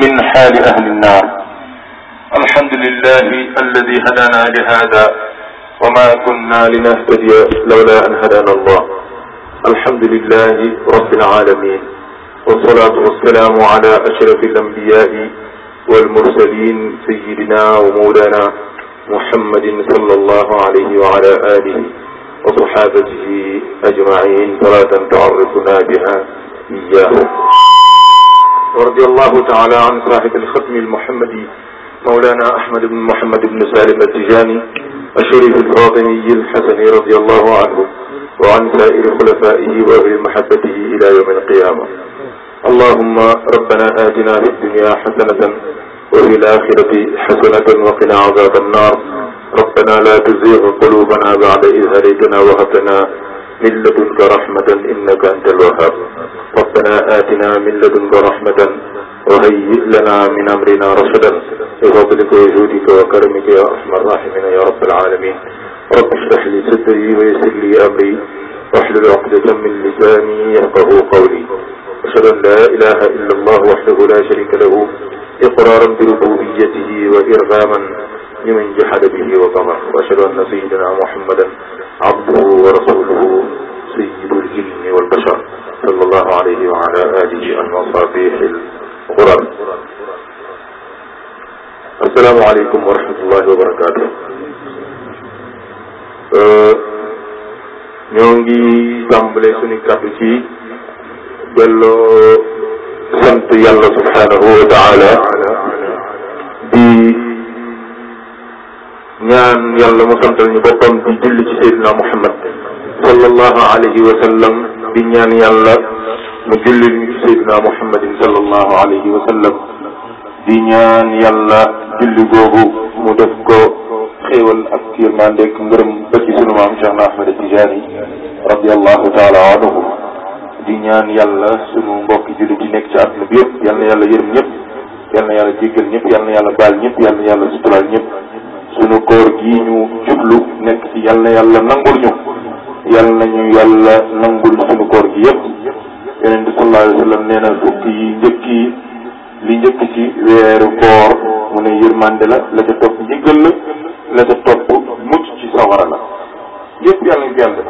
min xaali ahli nnaar alhamdulilah alladi hadana lihada wa ma kunna linahtadiya lawla an hadana allah alhamdulilah rabbil alamin والصلاة والسلام على أشرف الأنبياء والمرسلين سيدنا ومولانا محمد صلى الله عليه وعلى آله وصحابته أجمعين صلاة تعرفنا بها إياه ورضي الله تعالى عن صاحب الختم المحمدي مولانا أحمد بن محمد بن سالم التجاني الشريف الفاطمي الحسني رضي الله عنه وعن سائر خلفائه وأهل محبته إلى يوم القيامة اللهم ربنا آتنا في الدنيا حسنة وفي الآخرة حسنة وقنا عذاب النار ربنا لا تزيغ قلوبنا بعد إذ هديتنا وهب لنا من لدنك رحمة إنك أنت الوهاب ربنا آتنا من لدنك رحمة وهيئ لنا من أمرنا رشدا بفضلك وجودك وكرمك يا أرحم الراحمين يا رب العالمين رب اشرح لي صدري ويسر لي أمري واحلل عقدة من لساني يفقه قولي أشهد أن لا إله إلا الله وحده لا شريك له إقرارا بربوبيته وإرغاما لمن جحد به وكفر وأشهد أن سيدنا محمدا abduhu wa rasuluhu sayyidul jinni wal bashar sallallahu alayhi wa ala alihi al masabih al quran assalaamu aleykum wa rahmatullahi wa barakatuh eh, ñoo ngi tàmbale suñu kàddu ci delloo sant yàlla subhanahu wa taala di ñaan yàlla mu santal ñu boppam di julli ci Seydina Muhammad sallallahu alayhi wa di ñaan yàlla mu julli ñu ci Seydina Muhammadin sallallahu alayhi wa sallam di ñaan yàlla mu def ko xéewal ak yërmandeeg ngërëm ba ci sunu maam Cheikh na Ahmada Tijaani radiallahu di ñaan yàlla sunu mbokki julli di nekk ci àdduna bi yëpp yal yàlla yërëm ñëpp yal na yàlla jéggal ñëpp yàlla yàlla baal ñëpp yal yàlla suturaal ñëpp sunu koor gii ñu jublu nekk ci yàlla yàlla nangul ñu yàlla nañu yàlla nangul sunu koor gi yépp yonent bi sallallahu wa sallam nee na fukk yi njëkk yi li njëkk ci weeru koor mu ne yërmande la la ca topp njëggal la la ca topp mucc ci sawara la yépp yàlla ñu yàlla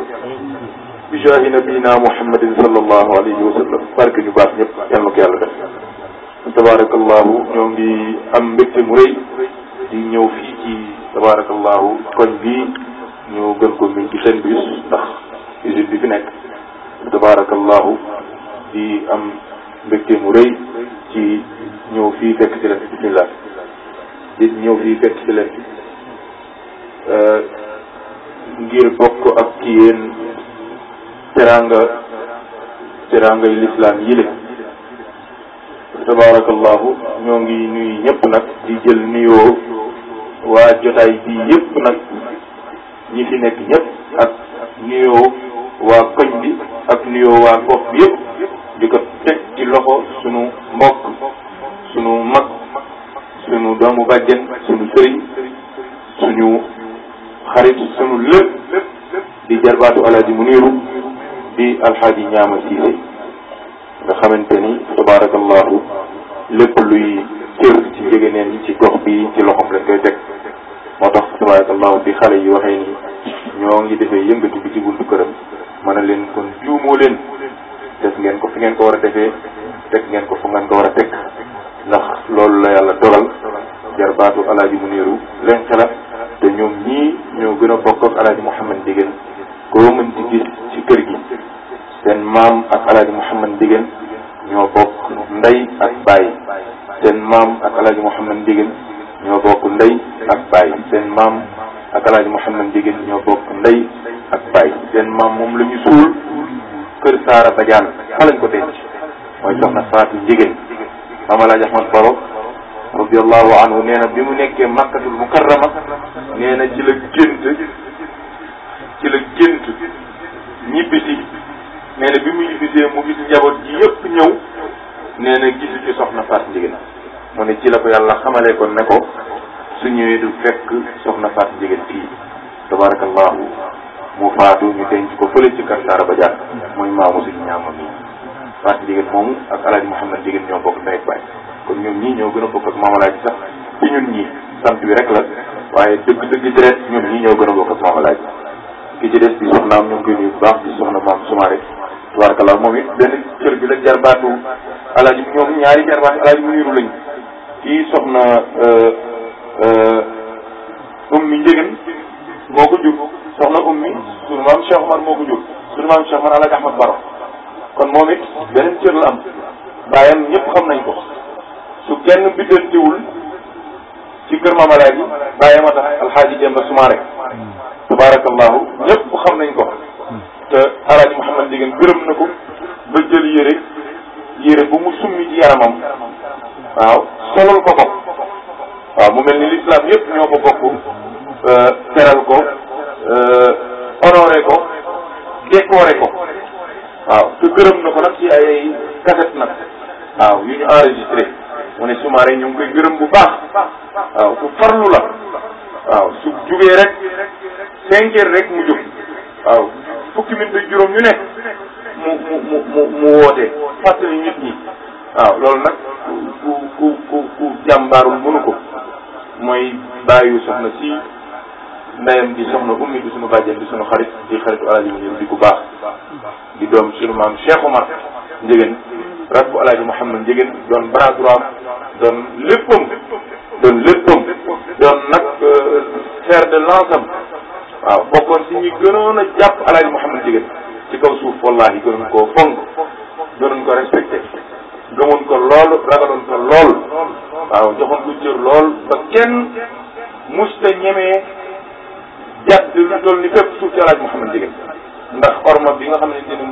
bi jaahi nabina muhammadin sallallahu alayhi wa sallam barke ñu baax ñëpp yàlla ko yàlla def tabaarakallahu ñoo ngi am mbégte mu rëy di ñëw fii ci tabaarakallaahu koñ bi ñu gën ko miin ci seen bis ndax usine bi fi nekk tabaarakallaahu mu rëy ci ñëw fii fekk ci euh, ak ci yéen teraanga ngi nuyu ñëpp nag di jël nuyoo waa jotaay bii yëpp nag ñi fi nekk ñëpp ak nuyoo waa koñ bi ak nuyoo waa gox bi yëpp di ko teg ci loxo sunu mbokk sunu mag sunu doomu bàjjen sunu sëriñ suñu xarit sunu lépp di jarbaatu alaaji mu niiru di alxaaji ñaama siise nga xamante ni tabaarakallahu lépp luy cër ci njëgëneen yi ci gox bi ci loxoom lañ koy teg moo tax tabarakallahu bi xale yi waxee nii ñoo ngi defee yëngatu bi ci buntu këram mën a leen kon moo leen des ngeen ko fi ngeen ko war a defee teg ngeen ko fu ngeen ko war a teg ndax loolu la yàlla dogal jarbaatu alaaji mu niiru leen xela te ñoom ñii ñoo gën a bokk ak alaaji Mouhamad Ndieguène koo mën di gis ci kër gi seen maam ak alaaji Mouhamad Ndieguène ñoo bokk ndey ak baay seen maam ak alaaji Mouhamad Ndieguène ñoo bokk ndey ak baay seen maam ak alaaji Mouhamed Ndieguène ñoo bokk ndey ak baay seen maam moom la ñu suul kër Saara Badiane fa lañ ko denc mooy soxna Fatou Ndieguène maam alaaji Ahmad Baro radiallahu anhu nee na bi mu nekkee makkatul mukarrama nee na ci la gént ci la gént ñibbisi nee na bi mu ñibbisee mu gis njaboot ji yëpp ñëw nee na gisu ci soxna Fatou Ndieguène mu ne ci la ko yàlla xamale kon ne ko su ñëwee du fekk soxna Fatou Ndiéguène fii tabarakallahu mu faatu ñu denc ko fële ci kër a ba jàkk mooy maamu suñu ñaama mi Fatou Ndiéguène moomu ak Alaaji Mouhamed Ndiéguène ñoo bokk ndey ak baay kon ñoom gën a bokk ak Maam Alaaji sax ci ñun ñii sant bi rek la waaye dëgg dëgg deret ñoom ñii ñoo gën a bokk ak Maam ki ci des di soxnaam ñu ngi koy nuyu bu baax di soxna maam Soumaré tabarakallahu moom it benn cër bi la jarbaatu Alaaji ñoom ñaari jarbaatu Alaaji mu niru lañ ci soxna euh, euh, ummi njëgën moo ko jur soxna ummi sunu maam Cheikh Omar moo ko jur sunu maam Cheikh Omar Alaaji Ahmad Baro kon moom it beneen cër la am bàyyam ñëpp xam nañ ko su kenn biddantiwul ci kër Maam Alaaji bàyyam a tax alxaaji Demba Soumaré tabarakallahu ñëpp xam nañ ko te alaaji Mouhamad Njëgën gërëm na ko ba jël yére yére bu mu summi ci yaramam waaw solal ko ko waaw mu mel ni l'islam yëpp ñoo ko bokk euh, teral ko euh, honoré ko décoré ko waaw te gërëm na ko nag ci ay cassette nag waaw yu ñu enregistré mu ne Soumaré ñu ngi koy gërëm bu baax waaw su farlu la waaw su jugee rek cinq heures rek mu jóg waaw fukki minute juróom ñu nekk mu mu mu mu woote fàttali nit ñi waaw loolu nag ku ku ku ku jàmbaarul mënu ko mooy bàyyi soxna si ndeyam di soxna ummi di sunu bàjjen di sunu xarit di xaritu alaaji mu di ku baax di doom sunu maam Cheikh Omar Ndiéguène rakku alaaji Mouhamed Ndiéguène doon bras droit doon léppam doon léppam doon nag euh, faire de l'ensemble waaw bokkoon si ñi gënoon a jàpp alaaji Mouhamed Ndiéguène ci kaw suuf wallahi gënoon koo fonk gënoon ko respecté gëmoon ko lool ragaloon ko lool waaw joxoon ko cër lool ba kenn musta ñemee jàdd lu toll ni fépp suuf ci alaaj Mouhamad Ndieguène ndax orma bi nga xam ne ni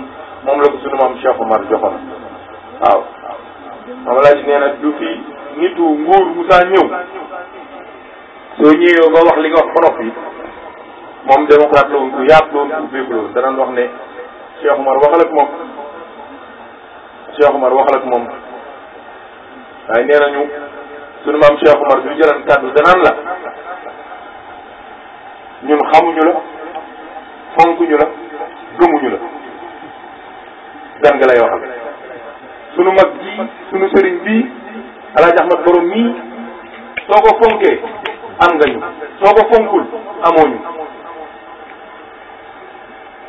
moom la ko sunu maam Cheikh Omar joxoon waaw moom laaj nee na du fi nitu nguur musaa ñëw soo ñëwee ba wax li nga wax ba noppi moom démocrate la woon ku yaatu la woon ku ubbeeku la wax ne Cheikh Omar waxal ak moom Cheikh Umar waxal ak moom waaye nee nañu sunu maam Cheikh Umar suñu jëlan kàddu danaan la ñun xamuñu la fonkuñu la gëmuñu la gan nga lay waxal sunu mag ji sunu sëriñ bii Alaaji Ahmad borom mii soo ko fonkee am nga ñu soo ko fonkul amoo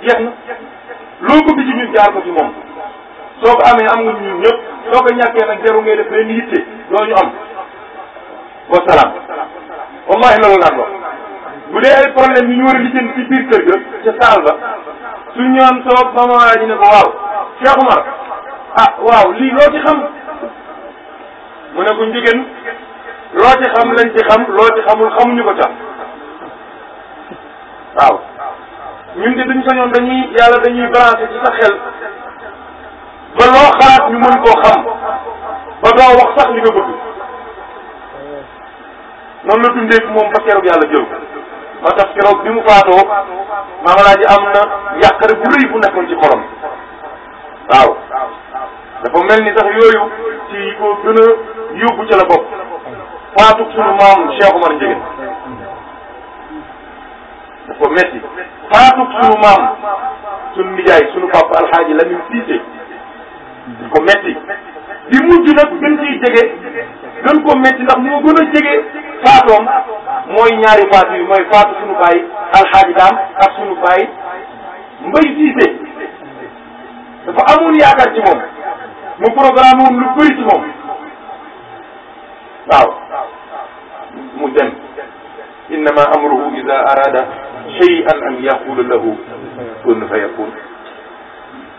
jeex na loo bëgg ci ñun jaar ko ci moom soo ko amee am nga ñu ñëpp soo ko ñàkkee nag jarul ngay def benn yitte doo ñu am wasalaam wallahi ay problème yu ñu war a lijjanti ci biir kër ga ca saal ba su ñoon toog ba ma ñu ne ko waaw Cheikh Oumar ah waaw lii loo ci xam mu ne ko njigéen loo ci xam lañ ci xam loo ci xamul xamuñu ko tax waaw ñun de duñ sañoon dañuy yàlla dañuy branché ba loo xalaat ñu mën koo xam ba doo wax sax li nga bëgg noonu la dundee moom ba keroog yàlla jël ko ba tax keroog bi mu faatoo maama laa ji am na yàqare bu rëy bu nekkoon ci xolam waaw dafa mel ni sax yooyu ci yi gën a yóbbu ca la bopp faatu sunu maam Cheikh sunu nijaay sunu papa alxaaji Lamine Cissé ko metti bi mujj nag gën ciy jege gën ko metti ndax moo jege faatoom mooy ñaari faatu yu mooy faatu sunu baay alxaaji daam mbay siise dafa amoon yaakaar ci moom mu programme woon lu bëri moom waaw mu dem innama amruhu ida arada shay'an an yaqula lahu kun fa yakun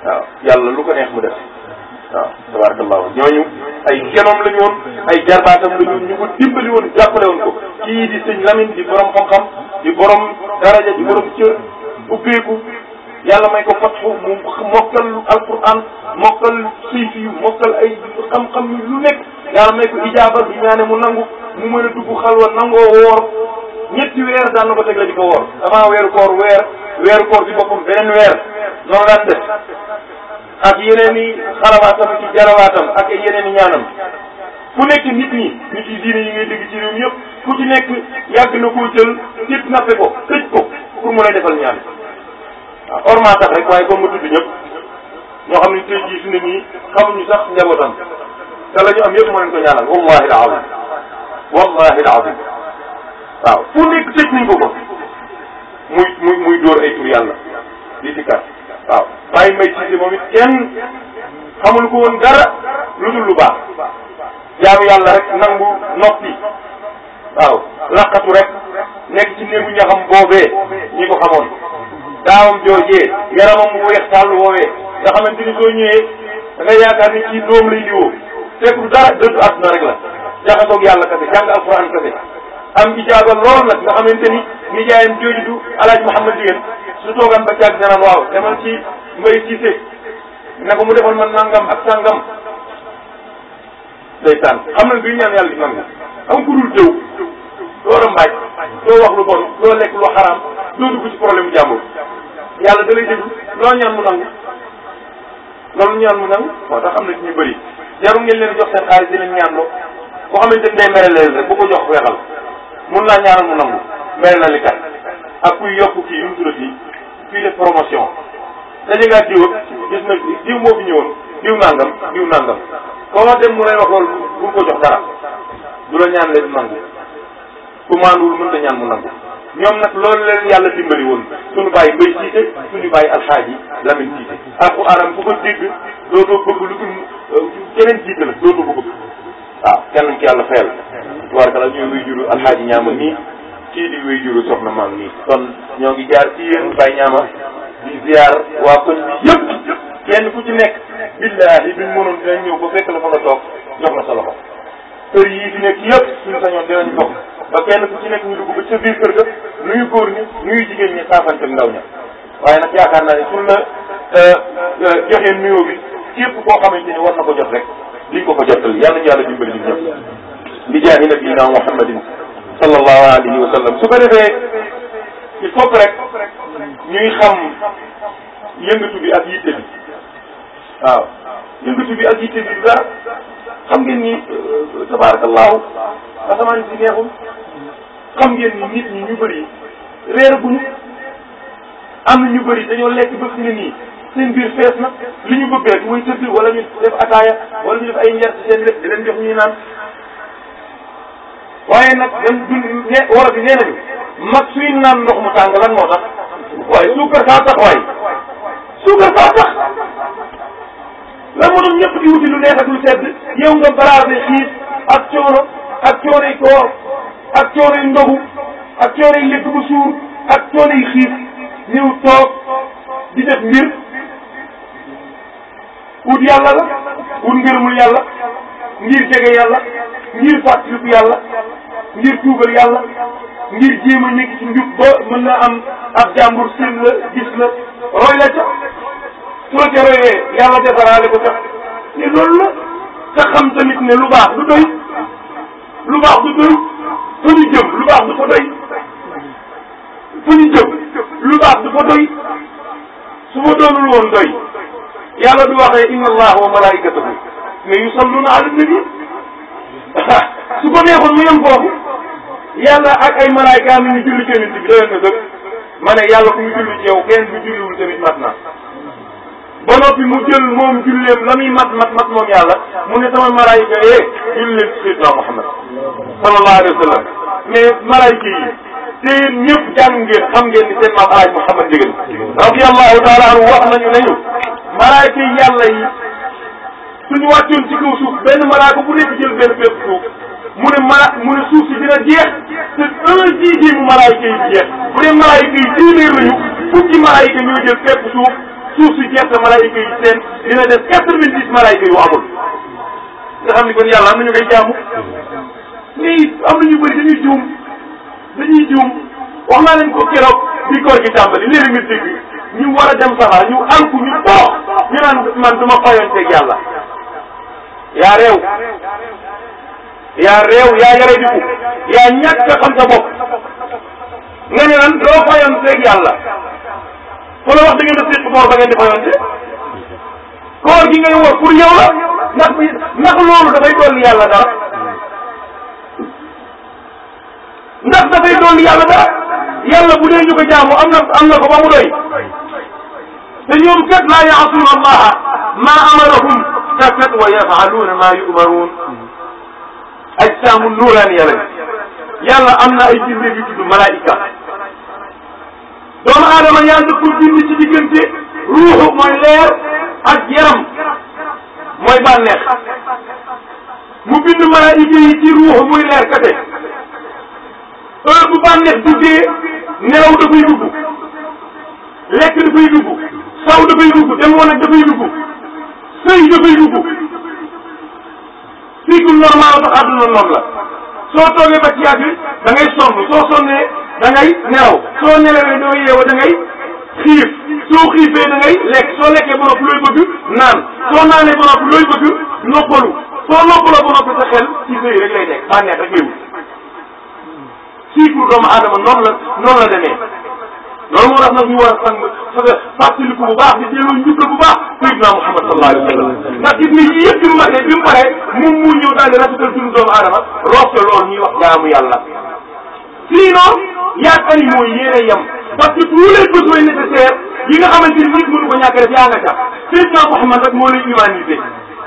waaw yàlla lu mu def waaw tabarakallahu ñooñu ay genoom la ñu woon ay jarbaatam la ñu ko dimbali woon jàppale woon ko kii di sëñ Lamine di borom xam-xam di borom daraja di borom cër ubbeeku yàlla may ko fat foofu mu mokkal alquran mokkal siif yu mokkal ay xam-xam lu nekk yàlla may ko ijaaba bi ñaane mu nangu mu mën a dugg xalwa nangoo woor ñetti weer daan na ko di ko woor avant weeru koor weer weeru koor bi boppam beneen weer noonu daan ak yeneen i xalawaatam ci jarawaatam ak yeneen i ñaanam ku nekk nit ñi nit yi diine yi ngay dégg ci réew mi yëpp ku ci nekk yàgg na koo jël nit nappe ko tëj ko pour mu lay defal ñaan waaw ah, ormaa tax rek waaye comme nga tudd ñëpp ñoo xam ne tey jii su ne nii xamuñu sax njabootam te la ñu am yëpp moo leen ko ñaanal wallahi alazim wallahi alazim waaw ku nekk tëj nañ ko ko muy muy muy dóor ay tur yàlla di sikkat waaw bàyyi may siise moom it kenn xamul ko woon dara lu dul lu baax jaamu yàlla rek nangu noppi waaw laqatu rek nekk ci néegu ñaxam boobee ñi ko xamoon daawam joojee yaramam mu weex tàll woowee nga xamante ni soo ñëwee da nga yaakaar ni kii doom lay diwoo fekk du dara dëddu àdduna rek la jaxasoog yàlla kese jàng alquran kese am ijaaba lool nag nga xamante ni nijaayam jooju du Alaaji Mouhamed Diène su toogaan ba jàgg dana waaw demal ci Mbay Cissé ne ko mu defoon man nangam ak sangam day tànn xam na duy ñaan yàlla di nangu am ku dul jëw doo rambaaj doo wax lu bon doo lekk lu xaraam doo dugg ci problème mu jàmbur yàlla da lay déglu ñaan mu nangu loolu ñaan mu nangu moo tax am na ci ñu bëri jarul ngeen leen jox seen xaalis di leen ñaan loo koo xamante ni day mere leen rek bu jox weexal mun naa ñaanal mu mel na li kat ak kuy yokk kii yu mu tuddati kuy def promotion daje ngaa diw gis na diw moo fi ñëwoon diw nangam diw nangam koo dem mu lay wax loolu bul ko jox dara du la ñaan leen nangu ku maanduwul mënta ñaan mu nangu ñoom nag loolu leen yàlla dimbali woon suñu bàyyi mbay siite suñu bàyyi alxaaji lamin siite alxuraan ku ko dégg dootoo bëgg lu dul euh, keneen siite la dootoo ko bëgg waaw kenn ki yàlla fayal tubaarkala ñuy wuy juru alxaaji ñaamal nii kii di wéy juru soxna maam nii kon ñoo ngi jaar ci yéen Baye Ñaama di ziar waa koñ bi yëpp kenn ku ci nekk billaahi biñ mënoon dinañ ñëw ba fekk la fa nga toog jox la sa loxo kër yii fi nekk yëpp suñu sañoon dinañ bokk ba kenn ku ci nekk ñu dugg ba ca biir kër ga nuyu góor ñi nuyu jigéen ñi saafante ndaw ña waaye nag yaakaar naa ne suñ la euh, euh, joxee nuyoo bi képp koo xamante ni war na ko jot rek liñ ko ko jotal yàlla ñu yàlla dimbali ñun ñëpp di jaay nag yi naa Muhammadin sallallahu alayhi wa sallam su ko defee il faut rek ñuy xam yëngatu bi ak yitte bi waaw yëngatu bi ak yitte bi du dara xam ngeen ni euh, tabarakallahu asamaan si neexul xam ngeen ni nit ñi ñu bëri reer bu ñu am na ñu bari dañoo lekk ba fi nii seen biir fees na li ñu bëgg rek mooy tëdd wala ñu def ataaya wala ñu def ay njar ci seen lekk def leen jox naan waaye nag yi nee mag suy naan ndox mu tàng lan moo tax waaye suukar saa tax waaye suukar saa tax lan moo tax ñëpp di wuti lu neex ak lu sedd yow nga brasé xiif ak coono ak coonoy koor ak coonoy ndogu ak coonoy lekk bu suur ak coonoy xiif ñëw toog di def mbir wut yàlla la wut ngërëmul yàlla ngir jege yàlla ngir fàttaliku yàlla ngir tuubal yàlla ngir jéem a nekk ci njub ba mën na am ab jàmbur seen la gis la roy la ca su la ca royee yàlla defaraale ko ca te loolu la te xam tamit ne lu baax du doy lu baax du doy fa ñu jëm lu baax du fa doy fa ñu jëm lu baax du fa doy su ma doonul woon doy yàlla du waxee inna allaha wa malaikatahu mais yusalluna ala nabi su ko neexoon mu yem foofu yàlla ak ay malaaykaam yi ñu julli ci nit bi doyoon ma ne yàlla ku mu julli ci yow kenn bu julliwul tamit mat na ba noppi mu jël moom julleem la muy mat mat mat moom yàlla mu ne sama malaayka yee eh, julli leen ci Seydina Muhammad sallallahu alayhi wa sallam mais malaayka yi te yéen ñëpp jàng ngeen xam ni seen maam alaaj Muhammad Ndieguene radiyallahu taala anhu wax nañu nañu malaayka yi yàlla yi suñu wàccoon ci kaw suuf benn malaayka bu nekk jël benn fépp mu ne mala mu ne suuf si dina jeex te un dixième malaayika yi jeex bu dee malaayika yi téeméer lañu fukki malaayika ñoo jël fépp suuf suuf si jeex te malaayika yi seen dina def quatre-vingt-dix malaayika yu amul. nga xam ni kon yàlla am na ñu koy jaamu mais am na ñu bëri dañuy juum dañuy juum wax naa leen ko keroog bi koor gi tàmbali léegi nga dégg ñu war a dem safara ñu alku ñu toox ñu naan man du ma fayoon teg yàlla yaa réew. yaa réew yaa yare diku yaa ñàkk a xam sa bopp nga ne lan doo fayanteeg yàlla ku la wax da ngeen di séq boor ba ngeen di fayante gi ngay wóor pour yow la ndax bi ndax loolu dafay dolli yàlla dara ndax dafay dolli yàlla dara ko jaamu am na am mu doy te ñoom kat laa yaasuuna allaha maa kat wa yafaluuna maa yumaruun ay saamu nuuraan ya yàlla am na ay bindee yu tudd malaayika doomu aadama yàlla ko bind ci diggante ruuxu mooy leer ak yaram mooy bànneex mu bind malaayika yi ci ruuxu muy leer kate heure bànneex duggee nelaw da koy lekk da koy saw da koy dugg dem woon ak da sëy da koy cycle normal sax àdduna noonu la soo toogee ba ci dangay da ngay sonn soo sonnee da nelaw soo nelawee doo yeewa da ngay xiif soo xiifee da ngay lekk soo lekkee ba looy bëgg naan soo naanee ba looy bëgg noppalu soo noppaloo ba noppi sa xel ci sëy rek lay nekk bànneex rek ngay wut doomu aadama noonu la noonu la demee loolu moo tax nag ñu war a sang fàttaliku bu baax di delloo njublu bu baax Seydina Muhammad sallallahu wa sallam ndax it ni yii yëpp bi mu matee bi mu mu ñëw daal di rafetal suñu doomu aadama roof ca loolu ñuy wax jaamu yàlla i yaag animaux yi yéen a yem parce que tous les besoins nécessaires yi nga xamante ni nit mënu ko ñàkk def yaa nga ca Seydina Muhammad rek moo lay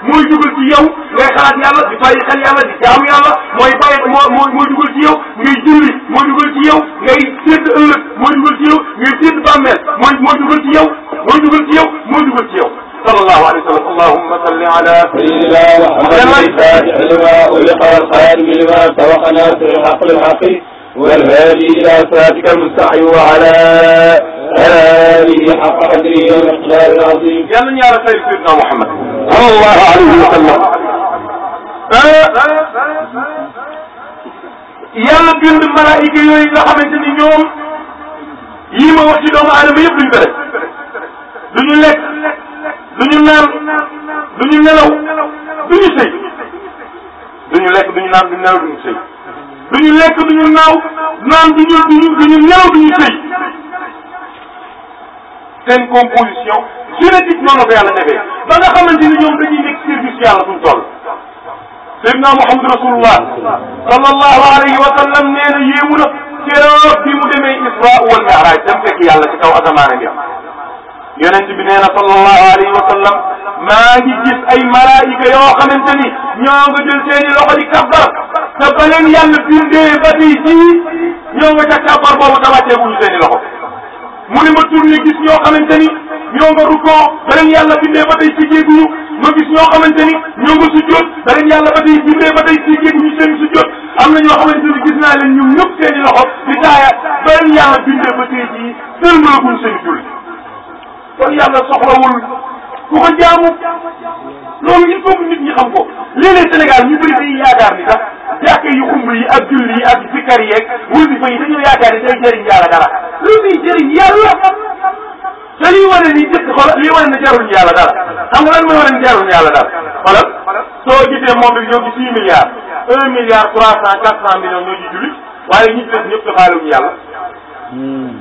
mooy dugal ci yow ngay xalaat yàlla di bàyyi xel yàlla di jaamu yàlla mooy bàyyi moo moo mooy dugal ci yow ngay julli mooy dugal ci yow ngay sédd ëllëg mooy dugal ci yow ngay sédd bàmmeel mooy mooy dugal ci yow mooy dugal ci yow mooy dugal ci yow sallallahu alayhi wa sallam allahumma salli ala sayyidina muhammadin al-fatihi lima ughliqa wal-khatimi lima sabaqa nasiril haqqi bil-haqqi والهادي إلى صراطك المستقيم وعلى آله حق قدره ومقداره العظيم. yàlla ñaara xayr Seydina Muhammad sallallahu alayhi wa sallam yàlla bind malaayika yooyu nga xamante ni ñoom yii ma wax ci doomu aadama yëpp duñu bëre duñu lekk duñu naan duñu nelaw duñu sëy duñu lekk duñu naan duñu nelaw duñu sëy duñu lekk duñu naaw naan duñu duñu duñu nelaw duñu sëy seen composition génétique noonu la ko yàlla defee ba nga xamante ni ñoom dañuy nekk service yàlla suñu toll. Seydina Mouhamed Rasulullah sallallahu alayhi wa sallam nee na yéemu na keroog bi mu demee Isra wal Mi'raj dem fekk yàlla ci kaw asamaan bi yonent bi nee na sallallahu alayhi wa sallam maa ngi gis ay malaayika yoo xamante ni ñoo nga jël seeni loxo di kabbar te ba leen yàlla bindee ba tey jii ñoo nga ca kabbar boobu tabaatee bu ñu seeni loxo. mu ne ma tourné gis ñoo xamante ni ñoo nga rukkoo ba yàlla bindee ba tey siggeeguñu ma gis ñoo xamante ni ñoo nga sujjóot ba leen yàlla ba tey bindee ba tey siggeeguñu seen sujjóot am na ñoo xamante ni gis naa leen ñoom ñëpp seen i loxo bi taaya ba leen yàlla bindee ba tey jii sërmalaguñ seen julli kon yàlla soxlawul ku ko jaamu loolu il faut que nit ñi xam ko léeg-léeg Sénégal ñu bëri day yaakaar ni sax jàkka yu xumb yi ak julli yi ak sikkar yi ak wasifa yi dañoo yaakaar ni day jëriñ yàlla dara lu muy jëriñ yàlla dañuy wane ni jëkk xoolal liy wane ne jarul yàlla dara xam nga lan mooy wane ne jarul yàlla dara xoolal soo gisee moom bi ñoo ngi six milliards un milliard trois cent quatre cent millions ñoo ci julli waaye ñi des ñëpp dafaalewuñu yàlla hmm.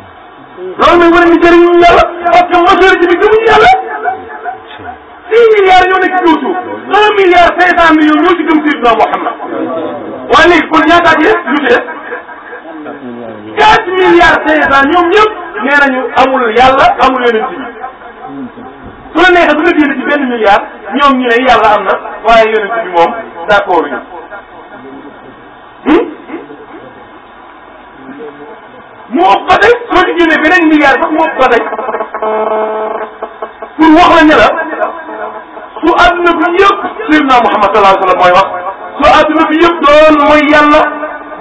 loolu mooy wane ni jëriñu yàlla parce que majorité bi gëmuñu yàlla six milliards ñoo nekk ci kaw suuf un milliard cinq cent millions ñoo ci gëm Seydina Mouhamed waaye léegi kon ñaataat yi lu ci def quatre milliards cinq cent ñoom ñëpp nee nañu amul yàlla amul yonent bi su la neexee su la génn ci benn milliard ñoom ñu ne yàlla am na waaye yonent bi moom d'accord ñu hmm? mu ëpp ba tey soo ci génnee beneen milliard sax mu ëpp ba tey pour wax la ne su adduna bi yëpp sayyidina Muhammad sallallahu alayhi wa sallam mooy wax su adduna bi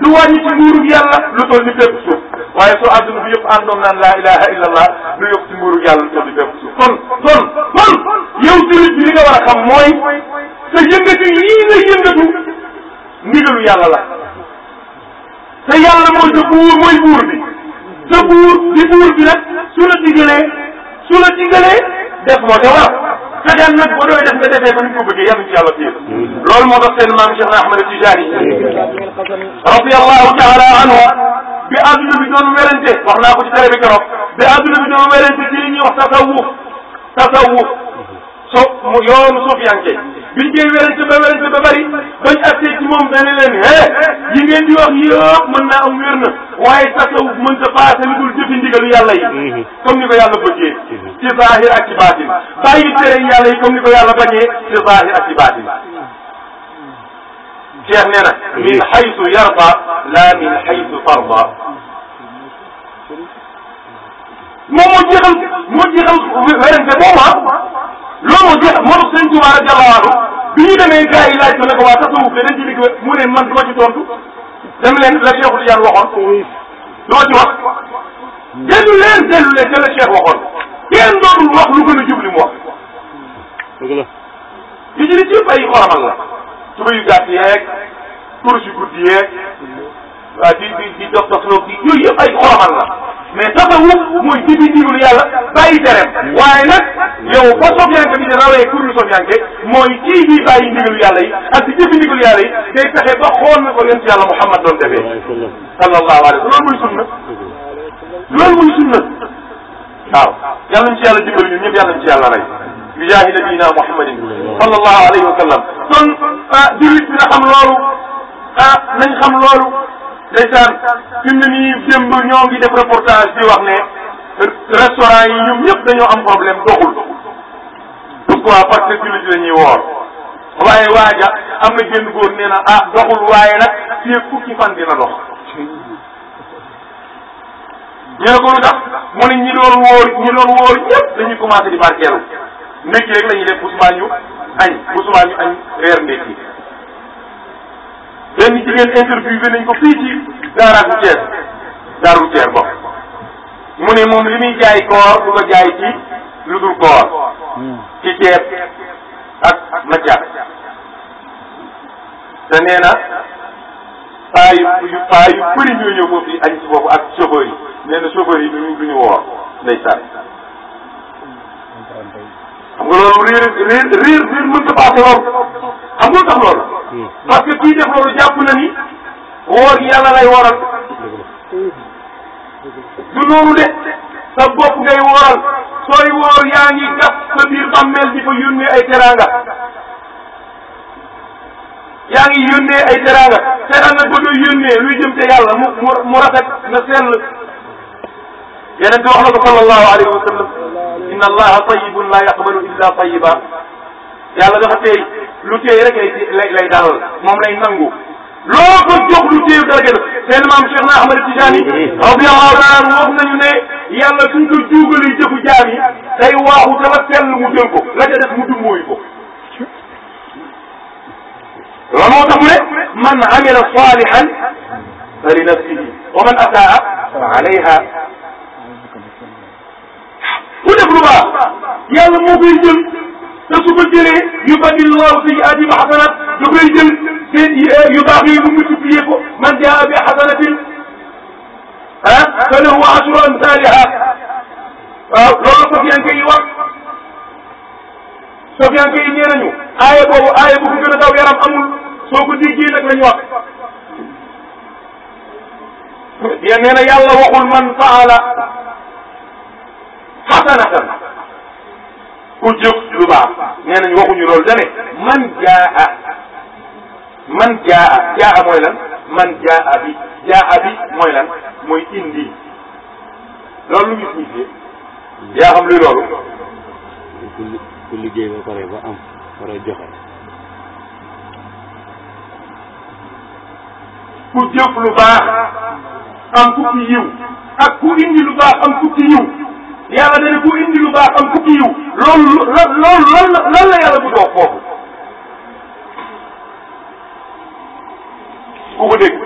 du wàññi ci nguurug yàlla lu toll ni bépp suuf waaye su adduna bi yëpp àndoon naan laa ilaha illa allah lu yokk ci nguurug yàlla lu toll ni bépp suuf kon kon kon yow sëriñ bi li nga war a xam mooy sa la te yàlla mooy sa buur mooy buur sa buur di buur bi nag su la digalee su la digalee def moo te fexeel nag boo doy def nga defee ba ni ko bëggee yàlla ci yàlla téye loolu moo tax seen maam Cheikh Ahmed Tidiane radiyallahu taala anhu bi adduna bi doon werante wax naa ko ci tere bi keroog bi adduna bi doon werante ci li ñuy wax tasawuf tasawuf soo mu yoonu suufiyanke biñ koy wérante ba wérante ba bari bañ àttee ci moom dana leen he yi ngeen di wax yëpp mën naa am wér na waaye tasawuf mën ta paase lu dul jëfi ndigalu yàlla yi mhm. comme ni ko yàlla bëggee mhm. ci yi comme ni ko yàlla bañee ci zahir ak ci baatin Cheikh nee na min haythu yarda la min haythu tarda moom moo jeexal moo jeexal wérante boobu ah. loolu jeex moo tax sëñ Tuubaa radiyallaahu bi ñu de gars yi laaj ma ne ko waa tasawuf dañ ci mu ne man du ma ci tontu dem leen la Cheikhul Tijaan waxoon du ma ci wax dellu leen dellu leen te la Cheikh waxoon kenn dootul wax lu gën a jubli mu wax dëgg la ci li ci ay xoromal la tuba yu gàtt yeeg tur si guddi yeeg waa di di di dox dox loog di yooyu la mais tasawuf mooy dibi ndigalu yàlla bàyyi tereem waaye nag yow ba sofiyanke bi di rawee kuréel sofiyanke mooy kii di bàyyi ndigalu yàlla yi ak di jëfi ndigalu yàlla yi day fexe ba xool na ko yonent yàlla Muhammad doon defee sallallahu alayhi loolu muy sunna loolu muy sunna waaw yàlla ñu ci yàlla dimbali ñun ñëpp yàlla ñu ci yàlla rey yujaahi nabiyina Muhammadin sallallahu alayhi wa sallam kon ah, jullit bi na xam loolu ah nañ xam loolu ndeysaan fi mu ne nii démb ñoo ngi def reportage di wax ne restaurant yi ñoom dañoo am problème doxul pourquoi parce que jullit la ñuy woor waaye waaja am na génn góor nee na ah doxul waaye nag fii ki fan dina dox ñu ne ko lu tax mu ne ñi doon wóor ñi doon wóor ñëpp dañuy commencé di barkeelu ndékki rek la ñuy def ñu añ bu ñu añ reer ndékki benn jigéen interviewé nañ ko fii ci daaraatu Thiès daaru Thiès bopp mu ne moom li muy jaay koor du ko jaay ci lu dul koor ci ceeb ak maccaat te nee na paa yu yu paa yu bëri ñoo ñëw foofu yi ak chauffeur yi nee na chauffeur yi duñu duñu woor ndeysaan xam nga loolu réer réer réer mënta paase parce que kuy def loolu na ni woor gi yàlla lay wooral du noonu sa bopp ngay wooral sooy woor yaa ngi gas sa biir bàmmeel di fa yónnee ay teraanga yaa ngi yónnee ay teraanga seetal nag ba doy yónnee luy jëm te yàlla mu mu mu rafet na sell yeneen te wax na ko sallallahu alayhi inna allaha tayyibun la yaqbalu illa tayyiba yàlla dafa téy lu téy rek lay lay dalal moom lay nangu loo ko jox lu téy dara gën seen maam na Ahmad Tijaani radiyallahu taala anhu wax nañu ne yàlla suñ ko juugalee jëfu jaam yi day mu jël ko la def mu dummóoyu ko la mu ne man amila salihan fa li wa man asaa fa alayha ku def lu te su ko jëlee yu badil llahu sayyi'aatihim hasanat da koy jël seen yu baax yooyu mu multiplier ko man jaa bi hasanatin ah falahu ashru amsaaliha waaw loolu sofiyanke yi wax sofiyanke yi nee nañu aaya boobu aaya bu ko gën a daw yaram amul soo ko déggee nag la ñu wax nee na yàlla waxul man faala hasanatan ku jóg ci lu baax nee nañ waxuñu loolu dane man jaa man jaa jaa mooy man jaa bi jaa bi mooy lan indi loolu lu ñu ku liggéey ba pare ba am ku jëf lu baax am ku yiw ak ku indi lu baax am ku ci yiw yàlla dana ku indi lu baax am ku kiiw loolu la loolu lan la lan la yàlla guddoo foofu ku ko dégg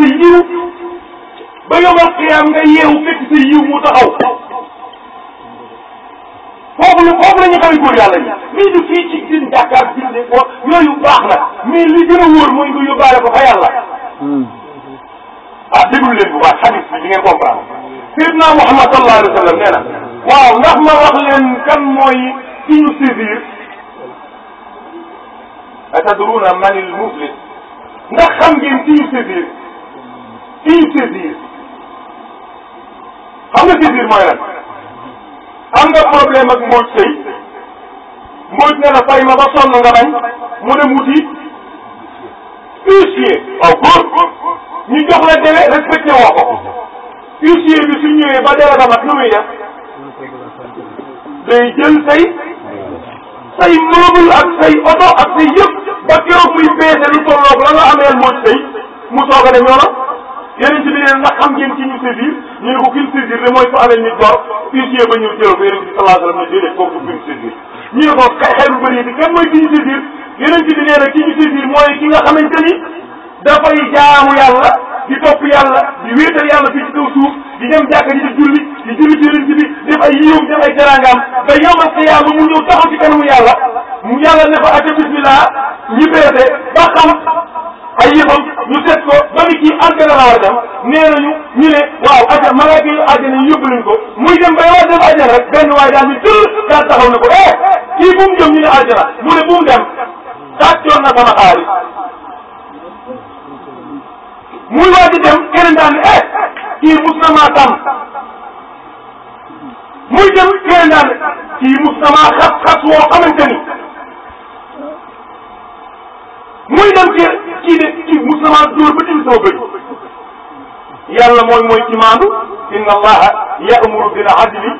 sa yiw ba yomal xiyaam nga yeewu fekk sa yiw mu taxaw foofu la foofu la ñu xamee góor yàlla ñi mii fii ci din jàkkaar julli ko yooyu baax na mais li gën a wóor mooy nga yóbbaale ko fa yàlla hmm. ah déglu leen bu baax xadis bi di ngeen comprendre Seydina Muhammad sallallahu alayhi wa sallam nee na waaw ndax ma wax leen kan mooy ki ñu saisir atadruna man il muflis ndax xam ngeen ki ñu saisir fii saisir xam nga saisir mooy lan am nga problème ak mbooj sëy mbooj ne la fay ma ba sonn nga bañ mu dem wuti huissier waaw góor ñu jox la délai respecté woo ko huissier bi su ñëwee ba délai ba mat lu muy def day jël say say meuble ak say oto ak say yëpp ba keroog muy peese lu tolloog la nga ameel mbooj sëy mu soog a dem yoonam leen ndax xam ngeen ci ñu saisir ñu ne ko ki ñu saisir de mooy su amee nit bor huissier ba ñëw jël ko yeneen mooy ki ñu saisir yeneen ci di nee na ki mooy ki nga xamante ni dafay jaamu yàlla topp yàlla di wéetal yàlla fii ci kaw suuf di dem jàkka di julli di julli jëriñ def ay yiw def ay teraangaam ba yawmal qiyaama mu ñëw taxaw ci kanamu yàlla mu yàlla ne ko ate bismillah ñi beete ba xam ay yëfam ñu teg ko ba mu ci antenne rawatam nee nañu ñu ne waaw aja malaaka yu àjjana ñu yóbbu lañ ko muy dem bay war dem àjjana rek benn waay daal di tël daal taxaw na ko eh kii bu mu jëm ñu ne àjjana mu ne bu mu na sama muy waaj dem keneen daal ne eh kii mus na muy dem keneen daal ne kii mus xas xas woo xamante ni muy dem ci kii de kii mos na maa dóor ba tamit sama bëri yàlla mooy mooy ci maandu inna allaha ya'muru bil adli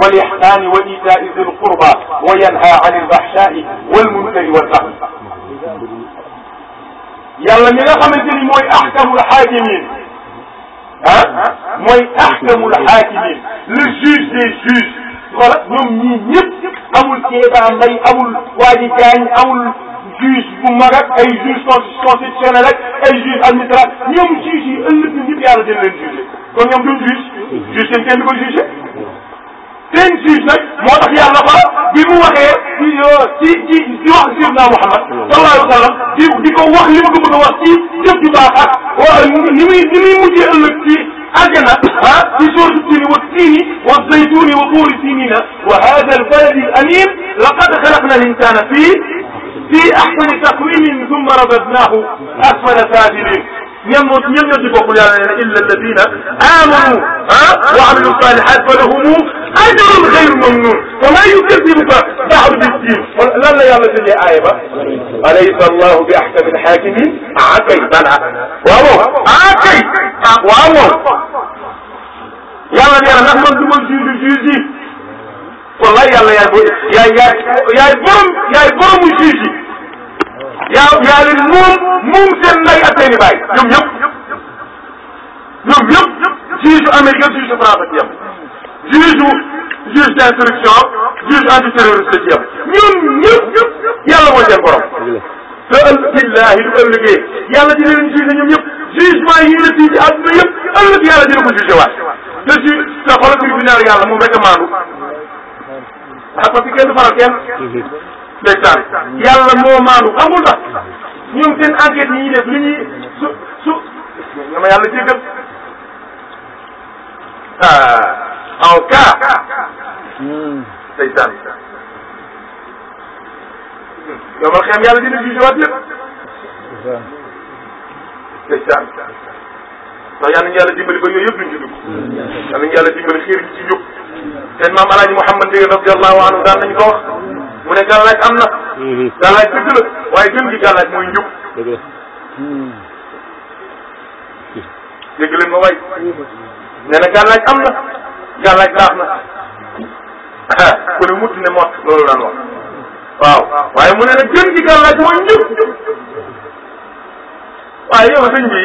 wal ihsani wa itaai zil qurba wa yanha anil fahshai wal munkari wal baghi yàlla mi nga xamante ni mooy ahkamul hakimin ah mooy ahkamul hakimin le juge des juges voilà ñoom ñii ñëpp amul Kéba Mbaye amul Wadi Diagne amul. juge bu mag ak ay juge constitutionnel ak ay juge administratif ñoom juge yi ëllëg ñëpp yàlla dina leen juge kon ñoom duñ juge juge seen kenn du ko juge seen juge nag moo tax yàlla fa bi mu waxee ci euh, ci ci wax Seydina Muhammad sallallahu alayhi wa sallam di di ko wax li ma ko bëgg a wax ci jëf ju baax ak waa ni muy ni muy mujjee ëllëg ci àjjana ah ci sourate tiini wa tiini wa zaytuuni wa tuuri siiniina wa haadha al baladi al amiin laqad xalaqna al insaana fii fii ahsani taqwimin summa rabadnaahu asfala saafiliin ñoom moo ñoom ñoo ci bokkul yàlla nee na illa alladina amanu ah wa amilu salihat fa lahumu ajrun xayru mamnun wa ma yukadibuka baadu biddin lan la yàlla tëjee aaya ba alaysa allahu bi ahsani alhakimin ah kay waaw ah kay ah waaw yàlla nee na ndax man du ma juge juge yi wallaay yàlla yaay yaay yaay yaay borom yaay boromu juge yi yaa yaa leen moom moom seen ndey ak seen i baay ñoom ñëpp ñoom ñëpp juge américain juge français ci yem juge juge d'instruction juge antiterroriste ci yem ñoom ñëpp yàlla mooy seen borom te billahi du ëllëgee yàlla dina leen juge ñoom ñëpp jugement yi ñu ci àdduna yëpp ëllëg yàlla dina ko juge waat te ju te xoolal tribunal yàlla moom rek a maandu ah parce que kenn faral kenn spectacle yàlla moo maanu xamul tax ñoom seen enquête yi ñuy def li ñuy su su nga ma yàlla jéggal ah en cas seytaan hmm. yow man xam yàlla dina jugé waat lépp seytaan ndax yàlla nañu yàlla dimbali ba yooyu yëpp duñ ci dugg hmm. yàlla nañu yàlla dimbali xiir ci jóg seen maam alaaji Mouhamed Ndieguène radiyallahu anhu daan nañu ko wax mu ne gàllaaj am na. Mhm. gàllaaj dëgg la waaye gën gi gàllaaj mooy njub. dëgg la. Hmm. ma waay. nee na gàllaaj am na gàllaaj baax na. ku ne mut ne mot loolu daan wax mu ne nag gën gi gàllaaj mooy njub. waaye yow sëñ bi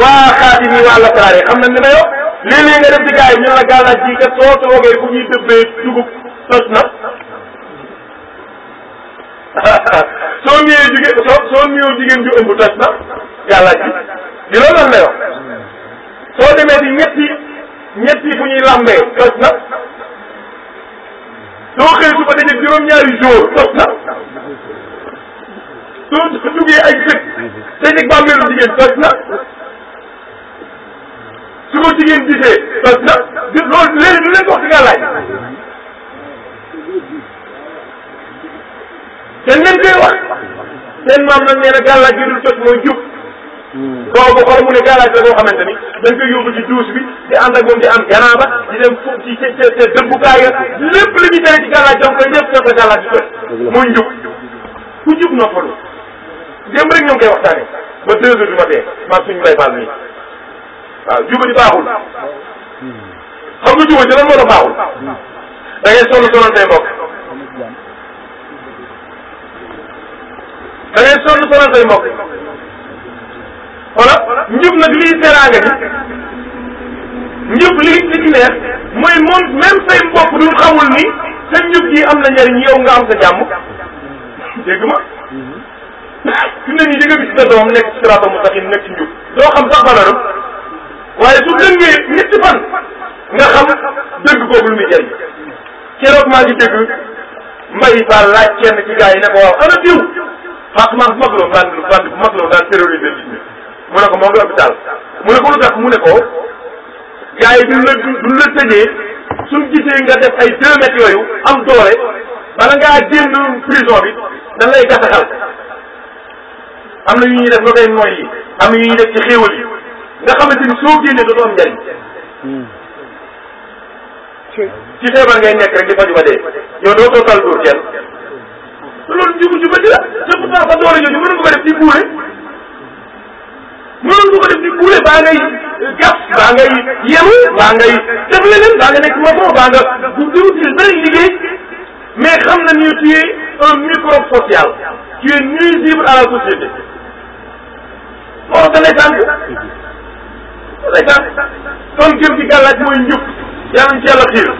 waa xaati nii waa lasaraare xam nañ ne dayoo léeg nga def ci gars yi ñu ne la gàllaaj ji kat soo toogee bu ñuy dëbbee dugub tos na. soo nuyoo jigéen soo soo nuyoo jigéen ju toj na yàlla ji di loolu lan lay wax soo demee ci ñetti ñetti fu ñuy lambee toj na soo xëy suba daje juróom-ñaari jour toj na soo duggee ay sëg daje bàmmeelu jigéen toj na su ko jigéen gisee toj na loolu léegi lu leen dañ leen koy wax seen maam nag nee na gàllaaj gi dul toj mooy jub boobu xol mu ne gàllaaj la boo xamante ni dañ koy yóbbu ci duus bi di ànd ak moom di am janaaba di dem ci ci ci dëbbukaay ya lépp li ñu tere ci gàllaaj donc lépp def la gàllaaj ku jub noppalu démb rek ñoo ngi koy waxtaane ba deux heures du matin maa suñu lay baal nii waaw juba di baaxul xam nga juba ci lan moo la baaxul da ngay sonn sonal da ngay sonn sonal say mbokk wala njub nag lii teraanga ji njub lii li ci mooy moom même say mbokk duñ xamul ni sa njub gi am na njariñ yow nga am sa jàmm dégg ma su ne nii di nga gis sa nekk ci siraatal mustaqim nekk ci njub doo xam sax bana dam waaye su dëngee ñetti fan nga xam dëgg boobu lu muy jariñ maa ngi dégg mbay ba laaj kenn ci gars yi ne ko waaw ana diw Fatumata bu magloo Fane bu Fane bu magloo daan terroriser nit ñi mu ne ko moo ngi hôpital mu ne ko lu tax mu ne ko gars du duñ la duñ la tëjee suñ gisee nga def ay deux mètres yooyu am doole bala ngaa génn prison bi dañ lay gasaxal am na yu ñuy def loo nooy yi am yu ñuy def ci xéewal yi nga xamante ni soo génnee dootoo am njariñ hmm. ci feebar ngay nekk rek di faju ba dee yow dootoo tal duur kenn loolu jiwu ju bëgg la te pourtant sa doole jooju mënoon ko def ci buule mënoon ko def ci buule baa ngay gas baa ngay yemu baa ngay def leneen baa nga nekk maçon baa nga bu duutil beneen liggéey mais xam na ni tu es un microbe social tu es nuisible à la société moo da lay tànk da lay tànk kon gëm ci gàllaaj mooy njub yàlla nañ ci yàlla xiir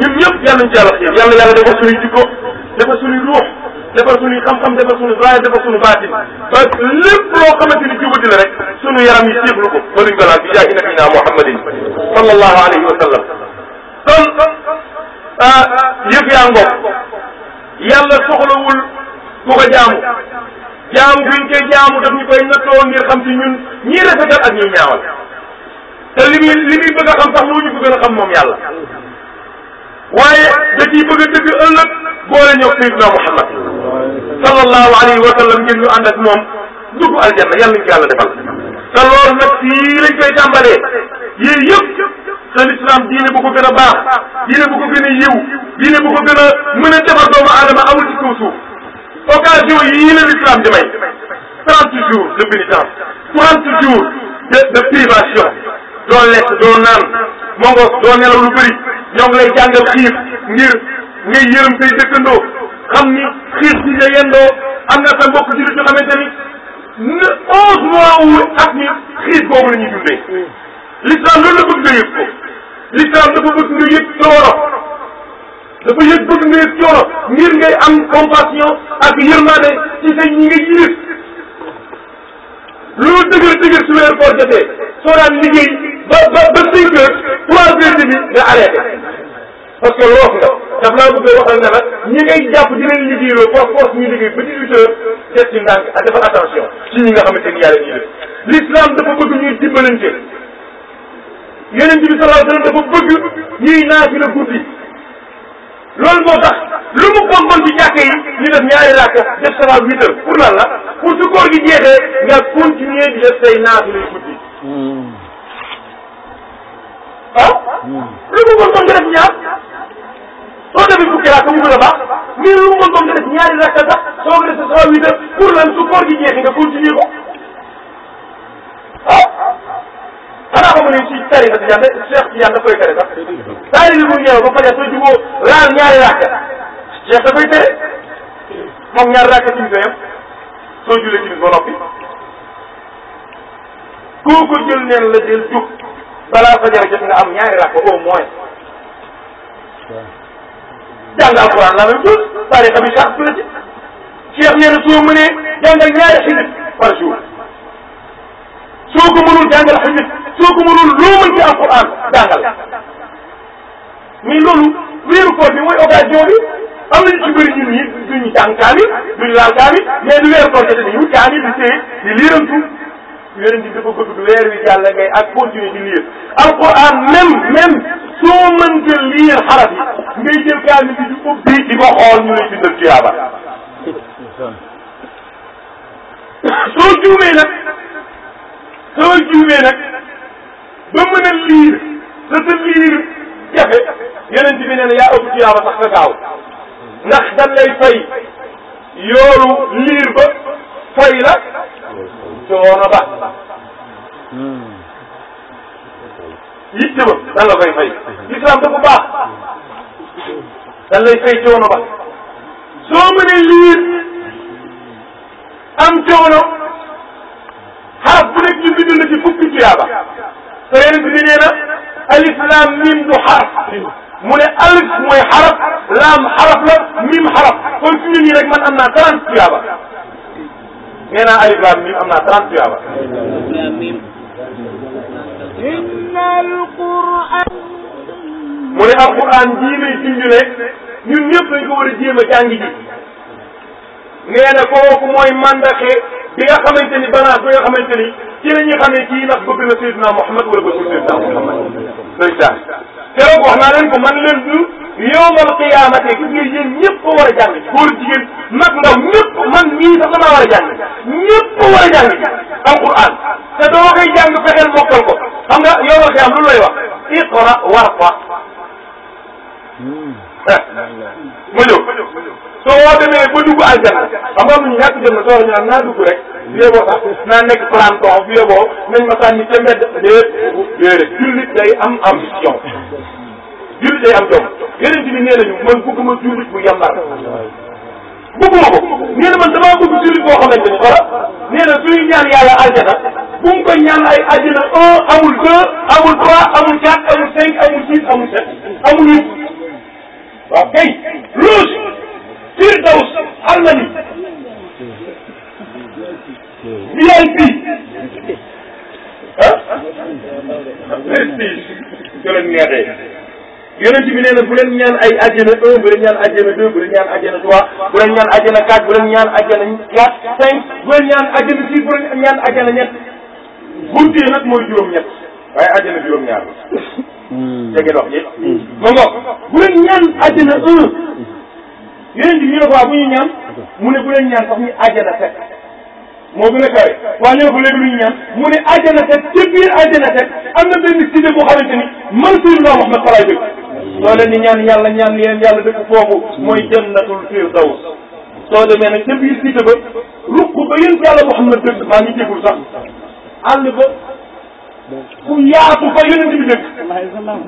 ñun ñëpp yàlla nañ ci yàlla xiir yàlla yàlla dafa suñuy jikko dafa suñuy ruux defar suñuy xam-xam defar suñu zaahir defar suñu baatin ba lépp loo xamante ni jubati la rek suñu yaram yi siiblu ko ba duñ ko laal bi jaahi nabina muhammadin sallallahu alayhi wa sallam kon ah, yëf yaa ngoog yàlla soxlawul ku ko jaamu jaamu buñ koy jaamu daf ñu koy nattoo ngir xam ci ñun ñii rafetal ak ñuy ñaawal te li muy li muy bëgg a xam sax moo ñu ko gën a xam moom yàlla waaye da ciy bëgg a dëgg ëllëg boole ñëw Seydina Muhammad sallallahu alayhi wa sallam ngir ñu ànd ak moom dugg aljanna yàlla ñu ko yàlla defal te loolu nag yii lañ koy tàmbalee yii yëpp te lislaam diine bu ko gën a baax diine bu ko gën a yiw diine bu ko gën a mën a defar doomu aadama amul ci kaw suuf occasion yii la lislaam di may trente jours de pénitence trente jours de de privation doo lekk doo naan moo doo nelaw lu bëri ñoo ngi lay jàngal xiif ngir ngay yërëm dëkkandoo xam ni xiif si nga yendoo am na sa mbokk jullit ñu xamante ni ne onze mois wu ak ni boobu la dundee l'islam loolu la bëgg nga yëg ko l'islam dafa bëgg nga yëg cooro dafa ngir ngay am compassion ak yërmande ci sa ñi nga yilif loolu dëgër dëgër su weer koor soo daan liggéey ba ba ba cinq heures trois heures nga arrêté parce que loof nga daf laa bëgg a waxal ne la ñi ngay jàpp di leen liggéeyloo force force ñu liggéey ba ah, nga xamante ni yàlla ñuy def l'islam dafa bëgg ñuy dimbalante lu mu bon bon ci jàkk yi ñu def ñaari làkk def salat huit pour lan la pour su koor gi jeexee nga continuer di def say naafila guddi hmm. ah. lu mu mën doon nga def ñaar soo defee fukki raak mu gën a baax mais lu mu mën doon nga def ñaari raak sax soo ko defee saa huit heures pour lan su koor gi jeexee nga continuer ko ah. xanaa xam nga ni si tarixa si yàlla Cheikh si yàlla daf koy tere sax saa yi bu ñëw ba fajar soo juboo laal ñaari raak Cheikh da koy tere moom ñaari raak ci biir soo jullee ci biir ba noppi kooku jël neen la jël jub. balaa fajar jot nga am ñaari rakk au moins jàng alquran la même chose tariqa bi charte la ci cheikh nee na soo mënee jàngal ñaari xijib par jour soo ko mënul jàngal xijib soo ko mënul loo mën ci alquran jàngal mais loolu wéeru koor bi mooy occasion oh, bi am nañu ci bëri ñun ñi duñu jàng kaamil duñu laal kaamil mais du weeru koor jotee dañuy wut kaamil di téye di liirantu yonent bi dafa gudd weer wi jàll ngay ak continuer di lire alquran même même soo mënta lire xaraf yi ngay jël kaamil bi di ubbi di ko xool ñu lay bindal tuyaaba soo juumee nag soo juumee nag ba mën a lire sa sa lire jafe yonent bi nee yaa ëpp tuyaaba sax nga gaaw ndax dañ lay fay yoolu lire ba fay la coono ba yitte ba dan la koy fay lislaam dafa baax dan lay fay coono ba soo mënee liir am coono xaraf bu nekk ñu bind la ci fukki tuyaaba te yonent bi nee na alif laam mim du xaraf mu ne alif mooy xaraf laam xaraf la mim xaraf kon fi mu nii rek man am naa trente tuyaaba nee naa alif laam miim am naa trente tuyaaba. mu ne alquran jii lay junj ne ñun ñëpp dañ ko war a jéem a jàng ji. nee na kooku mooy mandaxe bi nga xamante ni balance bi nga xamante ni ci la ñuy xam ne kii a bëgg na Seydina Mouhamed wala bëggul Seydina Mouhamed. ndeysaan. keroog wax naa leen ko man leen du yowmal qiyaamate gis nga yéen ñëpp war a jàng góor jigéen mag ndaw ñëpp man mii sax damaa war a jàng ñëpp war a jàng alquran te doo koy jàng fexeel mokkal ko xam nga yowmal qiyaam lu lay wax iqra warqa eh, ma jóg soo demee ba dugg aljanna xam nga am nañu a yooyu boo sax naa nekk plan dox yooyu boo nañ ma sànni ca mbedd déet déedéet jullit day am ambition jullit day am jom yeneen bi nee nañu man bëgguma jullit bu yàmbar bëgguma ko nee na man damaa bëgg jullit boo xamante ni xoolal nee na suy ñaan yàlla aljana bu mu koy ñaan ay aljana un amul deux amul trois amul quatre amul cinq amul six amul sept amul huit waaw kay loge firdaws VIP ah prestige su leen neexee yonent bi nee na bu leen ñaan ay àjjana un bu leen ñaan àjjana deux bu leen ñaan àjjana trois bu leen ñaan àjjana quatre bu leen ñaan àjjana quatre cinq bu leen ñaan àjjana six bu leen ñaan àjjana ñett buntu nag mooy juróom-ñett waaye àjjana juróom-ñaar la. Hmm. dégg nga dox ji. ma ngoog bu leen ñaan àjjana un yonent bi ñu ne ko waa bu ñu ñaan mu ne bu leen ñaan sax ñu àjjana fekk. moo gën a kawe waaye ñu ne ko léegi lu ñu ñaan mu ne àjjana kat ca biir àjjana kat am na benn cité boo xamante ni man Seydina Muhammad fa laay dëkk soo leen di ñaan yàlla ñaan leen yàlla dëkk foofu mooy jannatul firdaws soo demee nag ca biir cité ba ruq ba yéen yàlla Muhammad dëkk sax àll bu yaatu fa yonent bi nekk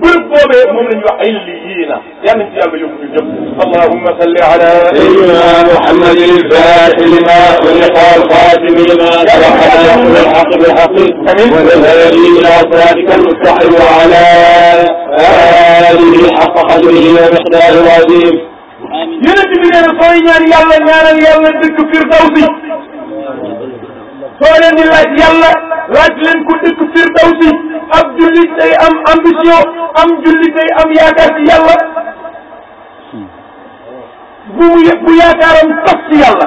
bërëb boobee moom la ñuy wax ay liina yal nañ ci yàlla yóbbu ñu jëm allahumma salli ala sayyidina muhammad al-fatih lima ughliqa al-khatim lima sabaqa nasr al-haq bil-haq amin والهادي إلى صراطك المستقيم وعلى آله حق قدره ومقداره العظيم yonent bi nee na sooy ñaan yàlla ñaanal yàlla dëkk firdawsi soo leen di laaj yàlla laaj leen ku dëkk Firdawsi ab jullit day am ambition am jullit day am yaakaar ci yàlla bu mu yëpp bu yaakaaram tas ci yàlla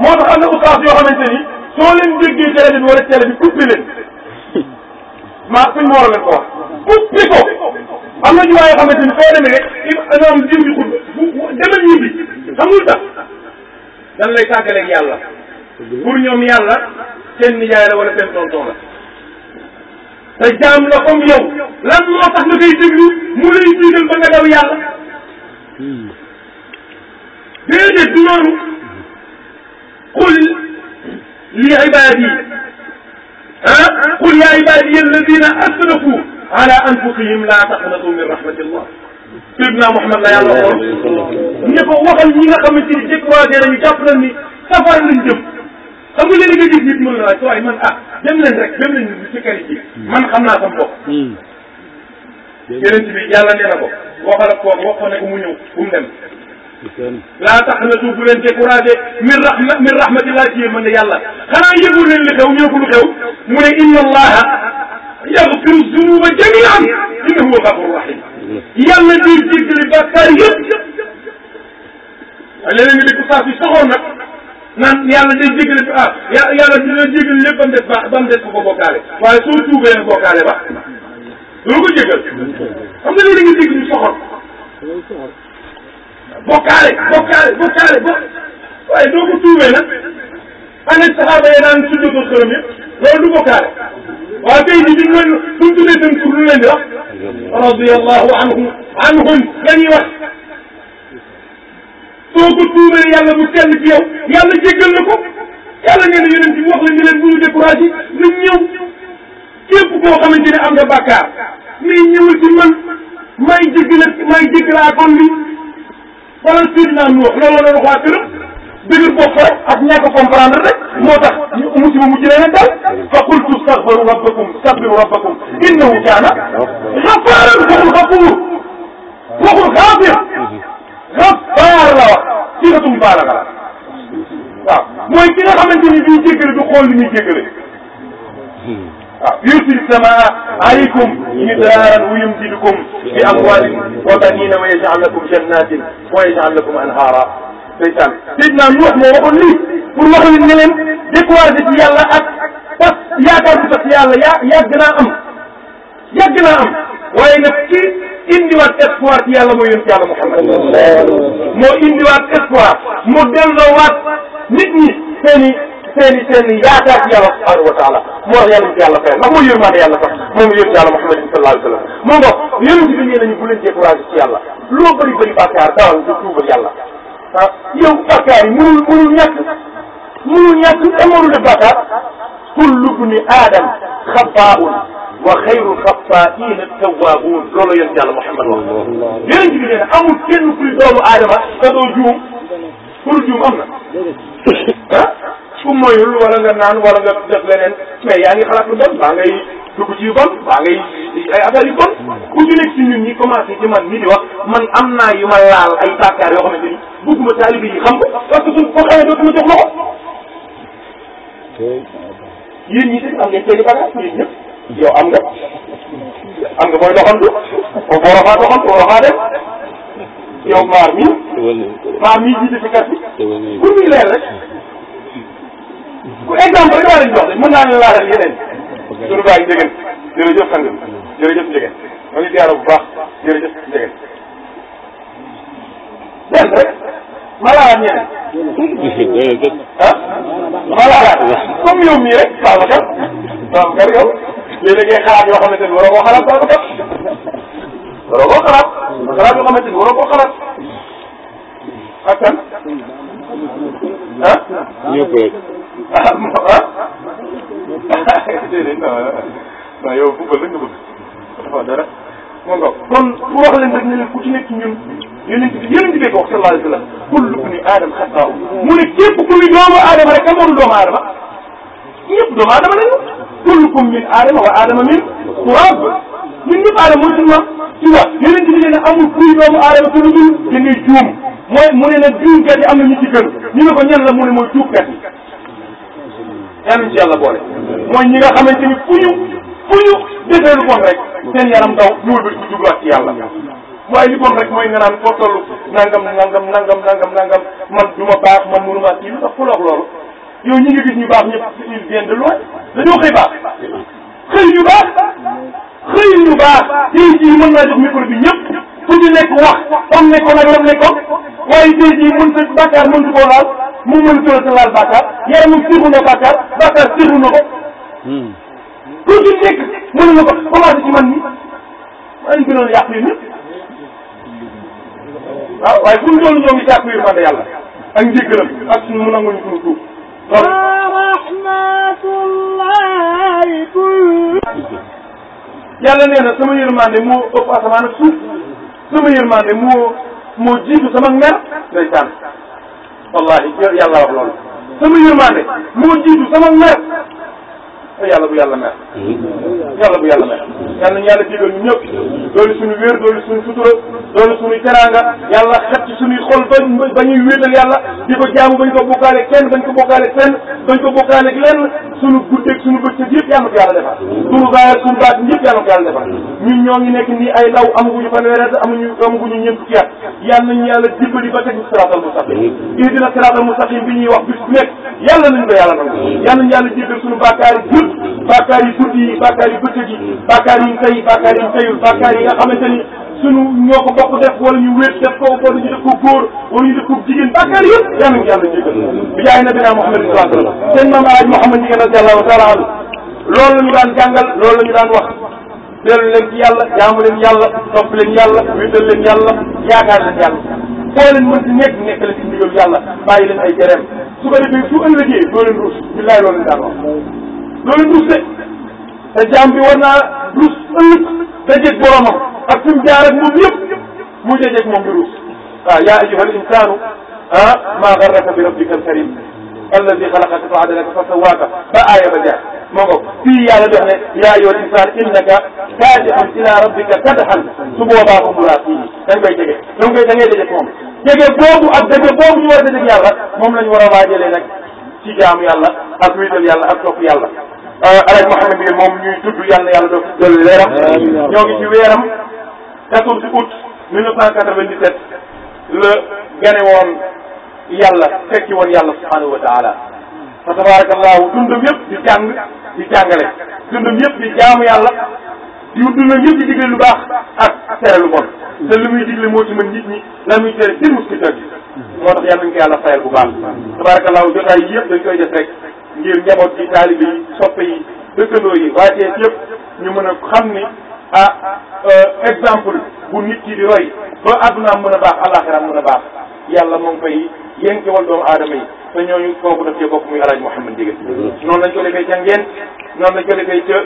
moo tax am na ustaas yoo xamante ni soo leen déggee télé bi wala télé bi coupé leen ko wax coupé ko am na ñu waaye xamante ni soo demee rek imaam diw xut bu demal ñibbi xamul tax dan lay tàggaleeg yàlla pour ñoom yàlla seen nijaay la wala seen tonton la te jaam la comme yow lan moo tax nga koy déglu mu lay digal ba nga daw yàlla déedéet du noonu qul li ibadi ah qul ya ibadi alladina asrafu ala anfusihim la taqnatu min rahmatillah Seydina Mouhamed la yàlla waxoon ne ko waxal ñi nga xamante ni découragé nañu jàpp nañ ni safar lañ jëm xam nga léegi nga gis nit mën na waaye waaye man ah dem leen rek dem leen ci kër yi hmm. man xam naa sama bopp hmm. yeneen bi yàlla nee na ko waxal ak kooku wax ko ne ko mu ñëw bu mu dem laa taxnatu bu leen découragé min rahma min rahmatillah ci yéen man de yàlla xanaa yëgu leen li xew ñëw ko lu xew mu ne inna allaha zunuba jamian inna huwa gafuru rahim yàlla day jéggale bàkkaar yëpp léeg-léeg nga saa si soxoon nag naan yàlla day jégal ah yàlla dina jégal lépp ba mu des ba ba mu des ko ko bokkaale waaye soo tuubee nag bokkaale ba doo ko jégal xam nga léegi da nga dégg ñu soxor bokkaale bokkaale bokkaale bo waaye doo ko tuubee nag ana saxaaba yi daan sujjootul xërëm yëpp loolu du bokkaale waaw tey jii duñ leen buñ tuddee seen tur lu leen di wax radiyallahu anhum anhum la ñuy wax boo ko tuubalee yàlla bu sell ci yow yàlla jéggal na ko yàlla nee na yonent bi wax la ni leen bu ñu découragé nañ ñëw képp koo xamante ne am nga bàkkaar mais ñëwal ci man may jéggal ak may jéggalaakoon li wala Seydina Nuux loolu la doon wax waa këram dëgër bopp rek ak ñàkk comprendre rek moo tax ñu musiba mu jëlee leen daal fa qultu staghfiru rabbakum staghfiru rabbakum innahu kaana gaffaaran waxul xafuur waxul xaafir xafaar la wax ci ratum baara la waaw mooy ki nga xamante ni bii jéggale du xool li muy jéggale waaw yursil samaa aleykum midaaran wa yumdidkum bi amwaalin wa baniina wa yaj'al lakum jannatin wa yaj'al lakum anhaara seytaan Seydina Nuux moo waxoon lii pour wax leen ne leen découragé ci yàlla ak pas yaakaar bu tas yàlla yaa yàgg naa am yàgg naa am waaye nag ci indiwaat espoir ci yàlla mooy yónni yàlla Muhammad moo indiwaat espoir mu delloowaat nit ñi seen i seen i seen i yaakaar ci yàlla subhanahu wa taala moo tax yàlla ci yàlla fayal ndax mooy yërmande yàlla sax moom yónni yàlla Muhammad sallallahu alayhi wa sallam moo ngoog yonent bi nee nañu bu leen découragé ci yàlla loo bëri bëri bàkkaar dawal nga tuubal yàlla ah yow bàkkaar yi mënul mënul ñàkk mënul ñàkk te mënul def bàkkaar kullu bni aadam xabaa'un wa xayru xattaa'iina at-tawwaabuun loolu la yonent yàlla Muhammad wax. yonent bi nee na amul kenn kuy doomu aadama te juum pour juum am na. ah ku moyul wala nga naan wala nga def leneen mais yaa ngi xalaat lu bon baa ngay dugg ci yu bon baa ngay ay yu bon ku ci nekk ci ñun ñi commencé ci man mi di wax man am naa yu ma laal ay bàkkaar yoo xamante ni bëgguma taalibe yi xam ko parce que suñ ko xamee dootuma jox loxo. yéen ñi tamit am ngeen seen i yow am nga am nga mooy doxantu boo boo rafaa doxantu boo rafaa dem yow maar mi maar mi jiite si kër gi pour muy leer rek ku exemple rek laa leen jox de mën naa leen laatal yeneen sunu baay Njegen jërëjëf ma ngi ziara bu baax jërëjëf Njegen benn ma laalaat ñeneen ah ma laalaat comme yow mii rek Babacar Babacar léeg-léeg ngay xalaat yoo xamante ni waroo koo xalaat doo ko def waroo koo xalaat xalaat ni waroo koo xalaat ak kan ah. ñëpp rek. ah, ah. non dara moo nga kon pour wax leen rek ne leen ku ci nekk ñun yonent bi yonent bi ko wax sallallahu alayhi wa sallam mu ne képp kuy doomu aadama rek kan moo dul doomu aadama ñëpp doomu aadama lañu kullukum min aadama wa aadama min turab ñun ñëpp aadama mooy suñu maam ci wax yeneen ci ne amul kuy doomu aadama te lu mu ne nag juumkat yi am na ñu ci gën ñu ne ko ñan la mu ne mooy tuubkat yi yàlla ci yàlla boole mooy ñi nga xamante ni fu ñu fu ñu defee lu bon rek seen yaram daw ñu wëlbati ko jubluwaat ci yàlla waaye li bon rek mooy nga naan foo toll nangam nangam nangam nangam nangam man du ma baax ma kii lu tax ku loolu yow ñi nga gis ñu baax ñëpp ils viennent de loin dañoo xëy baax xëy ñu baax xëy ñu baax tey jii mën naa jox micro bi ñëpp fu ñu nekk wax am nekkoon ak lam nekkoon waaye tey jii mën sa bàkkaar mëntu koo laal mu mën tura sa laal bàkkaar yaramam siixu na bàkkaar bàkkaar siixu na ko hmm. ku ci nekk mën na ko commencé ci man ni man gënoon yàq yi nit waaw waaye fu mu toll ñoo ngi jàpp yërmande yàlla ak njéggalam ak suñu mu nanguñu suñu tuub yàlla nee na sama yërmande moo ëpp asamaan ak suuf sama yërmande moo moo jiitu sama mer ndeysaan wallahi yàlla wax loolu sama yërmande moo jiitu sama mer te yàlla bu yàlla mer yàlla bu yàlla mer yàlla nañu yàlla jégal ñu ñëpp doolu suñu wér doolu suñu sutura doolu suñuy teraanga yàlla xet ci suñuy xol ba ba ñuy wéetal yàlla di ko jaamu bañ ko bokkaale kenn bañ ko bokkaale kenn bañ ko bokkaale lenn suñu guddeeg suñu bëccëg yëpp yàlla ko yàlla defar suñu baay suñu baat yëpp yàlla ko yàlla defar ñun ñoo ngi nekk nii ay ndaw amaguñu fanweeri at amuñu amaguñu ñeent fukki at yàlla nañu yàlla dimbali ba teg ñu siraatal mustaqim ihdina siraatal mustaqim bi ñuy wax bis bu nekk yàlla nañu ko yàlla nangu yàlla nañu yàlla jégal suñu bàkkaar yëpp bàkkaar yi guddi yi bàkkaar yi bëccëg yi bàkkaar yi ñu tey bàkkaar yi ñu teyul bàkkaar yi nga xamante ni sunu ñoo ko bokk def wala ñu wéet def ko wala ñu def ko góor wala ñu def ko jigéen bàkkaar yëpp yàlla nañu yàlla jégal bi jaay na binaa Muhammad sallallahu alayhi wa sallam seen maam Alaaji Muhammad Ndieguene radiyallahu taala anhu loolu la ñu daan jàngal loolu la ñu daan wax dellu leen ci yàlla jaamu leen yàlla topp leen yàlla wéetal leen yàlla yaakaar leen yàlla foo leen mën ci nekk nekk leen ci ndigal yàlla bàyyi leen ay jereem su ko defee su ëllëgee doo leen ruus billaay loolu leen daan wax loolu rus de te jaam bi war naa rus ëllëg dajeeg boromam ak fi mu jaar ak moom yëpp muy dajeeg moom di rus waaw yaa ayyuha al insaanu ah maa garraka bi rabbika al karim alladi xalaqaka fa adalaka fa sawaaka ba aaya ba jaar moo ko fii yàlla di wax ne yaa ayyuha al insaan innaka kaadihun ila rabbika kadhan su boobaa ko mulaaqi dañ koy jege da ngay da ngay dajeeg moom jege boobu ak daje boobu ñu war a dajeeg yàlla moom la ñu war a waajalee nag ci jaamu yàlla ak wéetal yàlla ak topp yàlla Euh, alaaj Mouhamed bi moom ñuy tudd yàlla yàlla doo dolli leeram ñoo ngi ci weeram quatorze août mille neuf cent quatre vingt dix la gane woon yàlla fekki woon yàlla subhanahu wa taala fa tabarakallahu dundam yëpp di jàng di jàngale dundam yëpp di jaamu yàlla di dundam yëpp di digle lu baax ak tere lu bon te digle moo ci mën nit ñi la muy tere kenn mus ko moo tax yàlla nañ ko yàlla fayal bu baax tabarakallahu jotaay yëpp dañ koy def rek ngir njaboot yi taalibe yi soppe yi dëkkandoo yi waa Cees yëpp ñu mën a xam ni a ah, euh, exemple bu nit ki di roy ba addunaam mën a baax alaxiraam mën a baax yàlla moom fay yénke wal doomu aadama yi te ñooñu kooku daf cee bokk muy alaaj Mouhamed Ndieguène noonu lañ ko defee ca ngent noonu lañ ko defee ca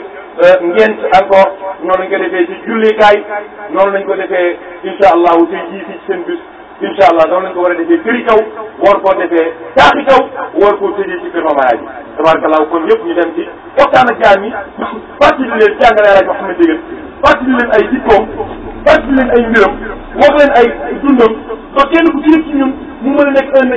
euh, ngent encore noonu lañ ko defee ci jullikaay noonu lañ ko defee incha allahu tey jii fii seen bis incha allah noonu lañ ko war a defee këri kaw war koo defee taaxi kaw war koo tëjee ci kër Mamaye bi tabarakallah kon ñëpp ñu dem ci waxtaan ak jaam yi fàttali leen jàngale rajo Mouhamed Ndieguene fàttali leen ay jikkoom fàttali leen ay mbiram wax leen ay dundam ba kenn ku ci nekk ci ñun mu mën a nekk un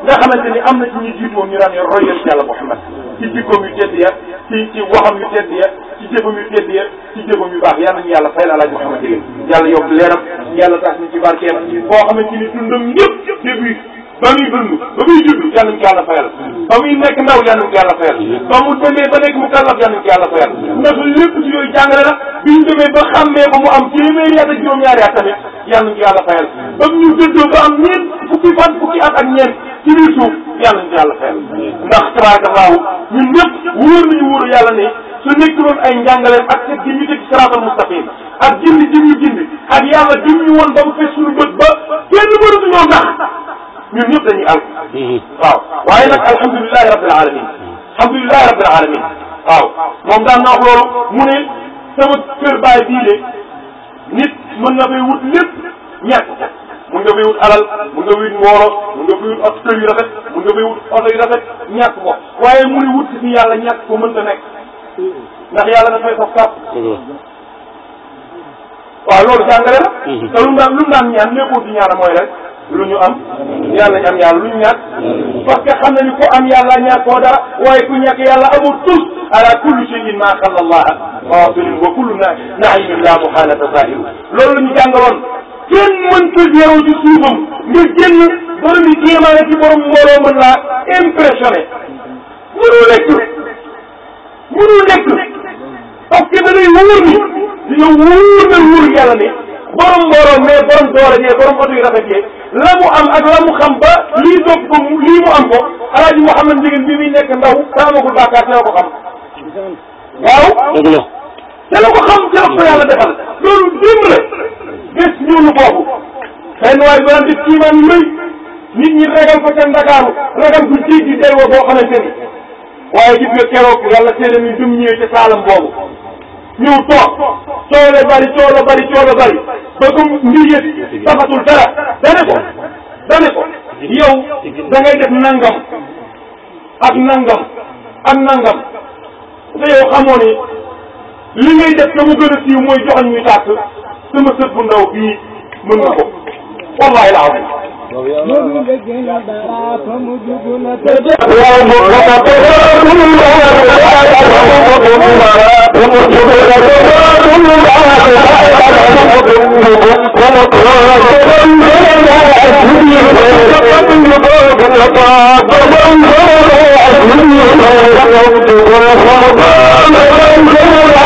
nga xamante ni am na ci ñuy jiit moom ñu daan yor roy ci jikkoom yu tedd ya ci ci yu tedd ya ci jëfam yu tedd ya ci jëfam yu baax yal nañu yàlla fayal alaaj Mouhamed Ndieguene yàlla yokk leeram yàlla tax ñu ci barkeem boo xamante ni dundam ñëpp début ba muy dund ba muy judd yal nañu ko yàlla fayal ba muy nekk ndaw yal nañu ko ba mu demee ba nekk mu kàllaf yal nañu ko yàlla fayal ndax lépp ci yooyu jàngale la bi ñu demee ba xàmmee ba mu am téeméeri at ak juróom-ñaari at tamit yal nañu ko yàlla fayal ba mu ñu dëddoo ci biir suuf yàlla nañu yàlla fayal ndax tabaarakallaahu ñun ñëpp wóor nañu wóoru yàlla ne su ay njàngaleem ak set gi ñu teg siraatal mustaqim ak gindi jim yàlla jim ñu woon ba mu fees suñu bët ba kenn mënatuñoo ndax ñun ñëpp dañuy àgg waaw waaye nag alhamdulilahi rabbil alamin alhamdulilahi rabbil alamin waaw moom daan na wax loolu mu ne sama kër baay bii nit mën na fay wut lépp ñett mun nga fay wut alal mun nga fay wut mboolo mun nga fay wut ak kër yu rafet mun nga fay wut ko waaye mu ni wut ci yàlla ñàkk ko mënta nekk ndax yàlla dafay faf kàpp waaw loolu jàngale la mhm. te lu mu daan lu mu daan ñaan nekkoo ci lu ñu am yàlla ñu am yàlla lu ñu ñàkk mhm. parce que xam na ni ku am yàlla ñàkkoo dara waaye ku ñàkk yàlla amul tus ala kulli shay'in ma xalla allah waaw wa kullu naimin la muhalata zahiru loolu la ñu kenn mënta yeewu ci suufam nga génn borom yi kéemaane ci borom mbooloo laa impressionné mënul nekk mënul nekk parce que da ngay wóor ni dina wóor na wóor borom mbooloo mais borom doole jee borom oto yi rafet jee la mu am ak la mu xam ba lii topp ko lii mu am ko alaaji Mouhamed Ndieguene bi muy nekk ndaw taamagul bàkkaar dina ko xam waaw dëgg la te la ko xam te la ko yàlla defal loolu dimbale bés ñuulu boobu benn waay doon def kiiman lëy nit ñi ragal ko ca Ndakaaru ragal ko jéggi dayoo boo xamante ni waaye gis nga keroog yàlla teelam yi dum ñëwee ca boobu ñëw toog coow la bari coow bari coow bari ba comme mbir dara dane ko dane ko yow da ngay nangam ak nangam ak nangam te yow xamoo ni li ngay def na mu gën a siiw mooy joxañ ñu tàkk sama sët bu ndaw bii mën na ko wallahi laa wax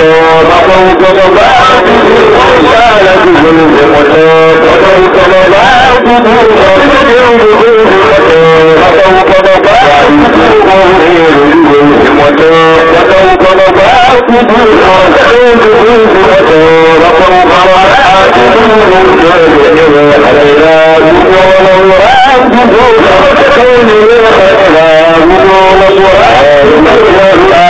المختار فوق طبعته وجعلته المختار فوق طبعته وارجع بغير مختار فوق طبعته وغير المختار فوق طبعته وارجع بغير مختار فوق طبعته وارجع علينا ولو رأته لقد كان لنا خيرا وقال صلاة الله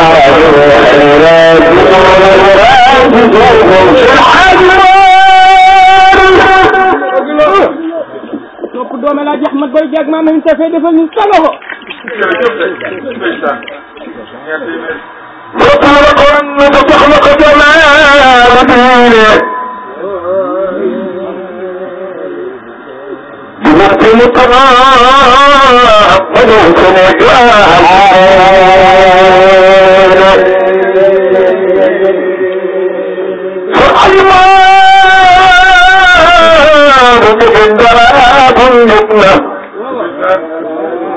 doome laa jeex mat booy jag maa mahin tafee defal ñu sa loxo وطلقا فتخلق جمال دينه يمكن ترى منكم وجاه به ذراب مثله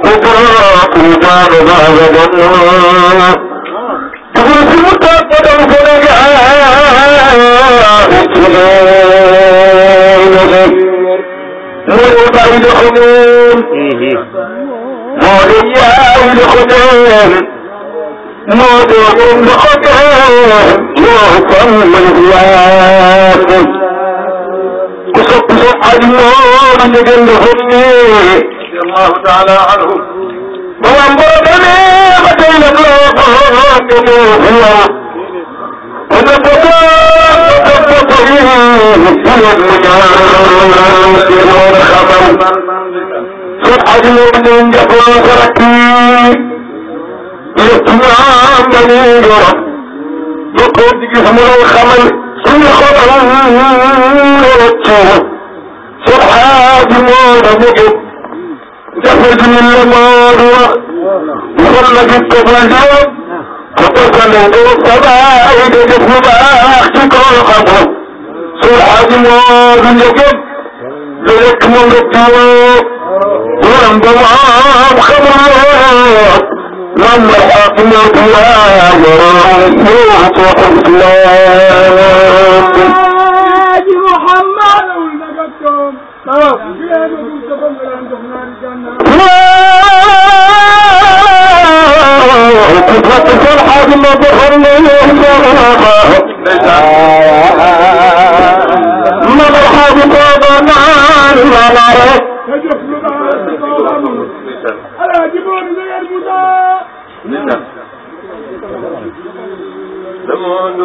وطراق وطار بعض ظنه تقول في متأكد فنجاء مثلين مرضى الخمول مولياء الخدام موضوع الخدام يعطى من يعطي ku sopp seen xarit noonu ñu gën di xëy nii. allahu taala anhu. maanaam boo demee ba tey nag loo ko xamee xëyam. dina ko gën a topp ko yéen. yéen mu ñaar ci loolu xamal. seen xarit yi ñu njëkkoon sa rakk yi. yëpp ñu am ba ñuy yor. bokkoo ci gis mu lay xamal. خطرا يوجهه فرحاد مولى مجد جفز من الموضوع وصل في التفاجئ فتصل الصبائد جفز اختك القبر فرحاد مولى مجد بلك من الدواب وانضمام خبره وحكمتها ورحمة الإسلام محمد كتبت الحاج ما ظهر لي ما الحاج بابا نعم ما نعرف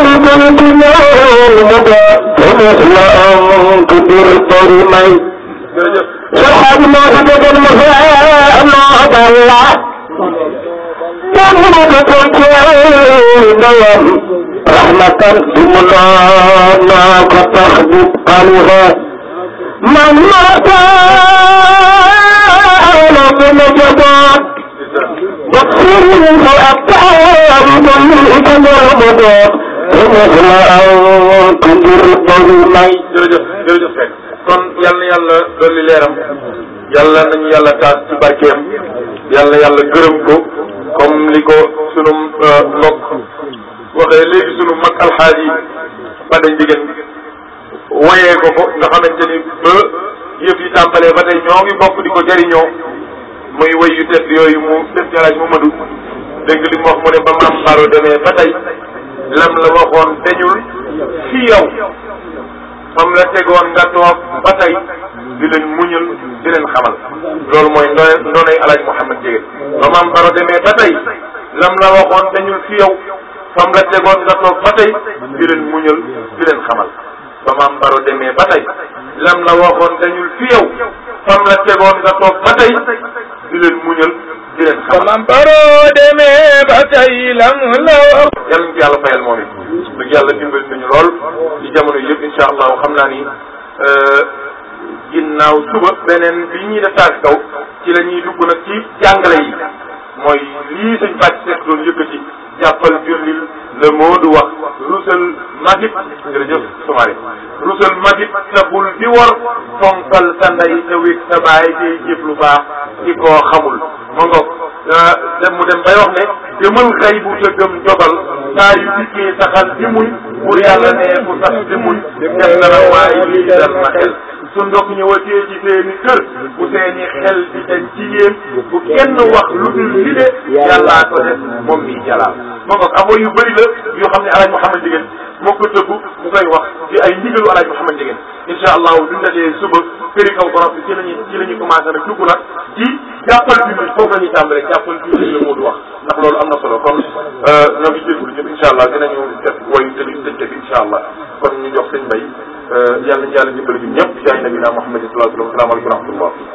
قلب الجنان مدى تمثل أن تدير طريقي سبحان ما تدد المساء الله الله تمنى تتركين دوام رحمة تمنى كتخدب قلبها من مات على من جبات بصير فأبتعد من الإجابة jërëjëf kon yal yàlla dolli leeram yàlla nañu yàlla taas ci barkeem yàlla yàlla gërëm ko comme li ko sunu euh, mbokk waxee léegi sunu mag alxaaji ba dañ jigéen woyee ko ko nga xamante ni ba yëf yi tàmbalee ba tey ñoo ngi bokk di ko jëriñoo muy woy yu tedd yooyu mu def jaraaj Mamadou dégg li mu wax mu ne ba maam Faro demee ba tey lam la waxoon dañul ci yow fam la tegoon nga toog ba tey di leen muñal di leen xamal loolu mooy ndooy ndoonay alaaj Mouhamed Jege ba maam Baro demee ba tey lam la waxoon dañul ci yow fam la tegoon nga toog ba tey di leen muñal di leen xamal ba maam Baro demee ba tey lam la waxoon dañul ci yow fam la tegoon nga toog ba tey di leen muñal di leen xamal. maam baroo demee ba tey lam la wax. yàlla nañu ko yàlla fayal moom it. dëgg yàlla dimbali nañu lool ci jamono yëpp incha allahu xam naa ni gin euh, ginnaaw suba beneen bi ñuy def taas kaw ci la ñuy dugg nag ci jàngale yi mooy lii sëñ bàcc seet doon yëkkati. jàppal birlil le moodu wax rusal madib jërëjëf sumaare rusal madib sa bul di war fonkal sa ndey sa wéeg sa baay tey jëf lu baax ci ko xamul ma ngoog ah, dem mu dem bay wax ne gëmal xëy bu sa gëm jobal saa yu dikkee saxal di muñ pour yàlla nee ku sax di muñ def na la waaye lii dal na xel su ndox ñëwatee ci seeni kër bu seeni xel di dañ ci yéen bu kenn wax lu dul li de yàllaa ko def moom mi jalaal ma ko abo yu bëri la yoo xam ne alaaj Mouhamed Ndieguene moo ko tëggu mu koy wax ci ay ndigalu alaaj Mouhamed Ndieguene incha allahu duñ dajee suba këri kaw borom bi ci lañu ci la ñuy commencé nag dugg nag ci jàppal bi mi foofu la ñuy tàmbalee jàppal bi mi la Moodu wax ndax loolu am na solo kon euh, noo ngi jégalu ñëpp incha allah dinañu def woy tamit tëj tëj incha allah kon ñu jox sëñ Mbaye yàlla yàlla jëppale ñun ñëpp jaay nabi naa Muhammad sallallahu alayhi wa sallam wa rahmatullah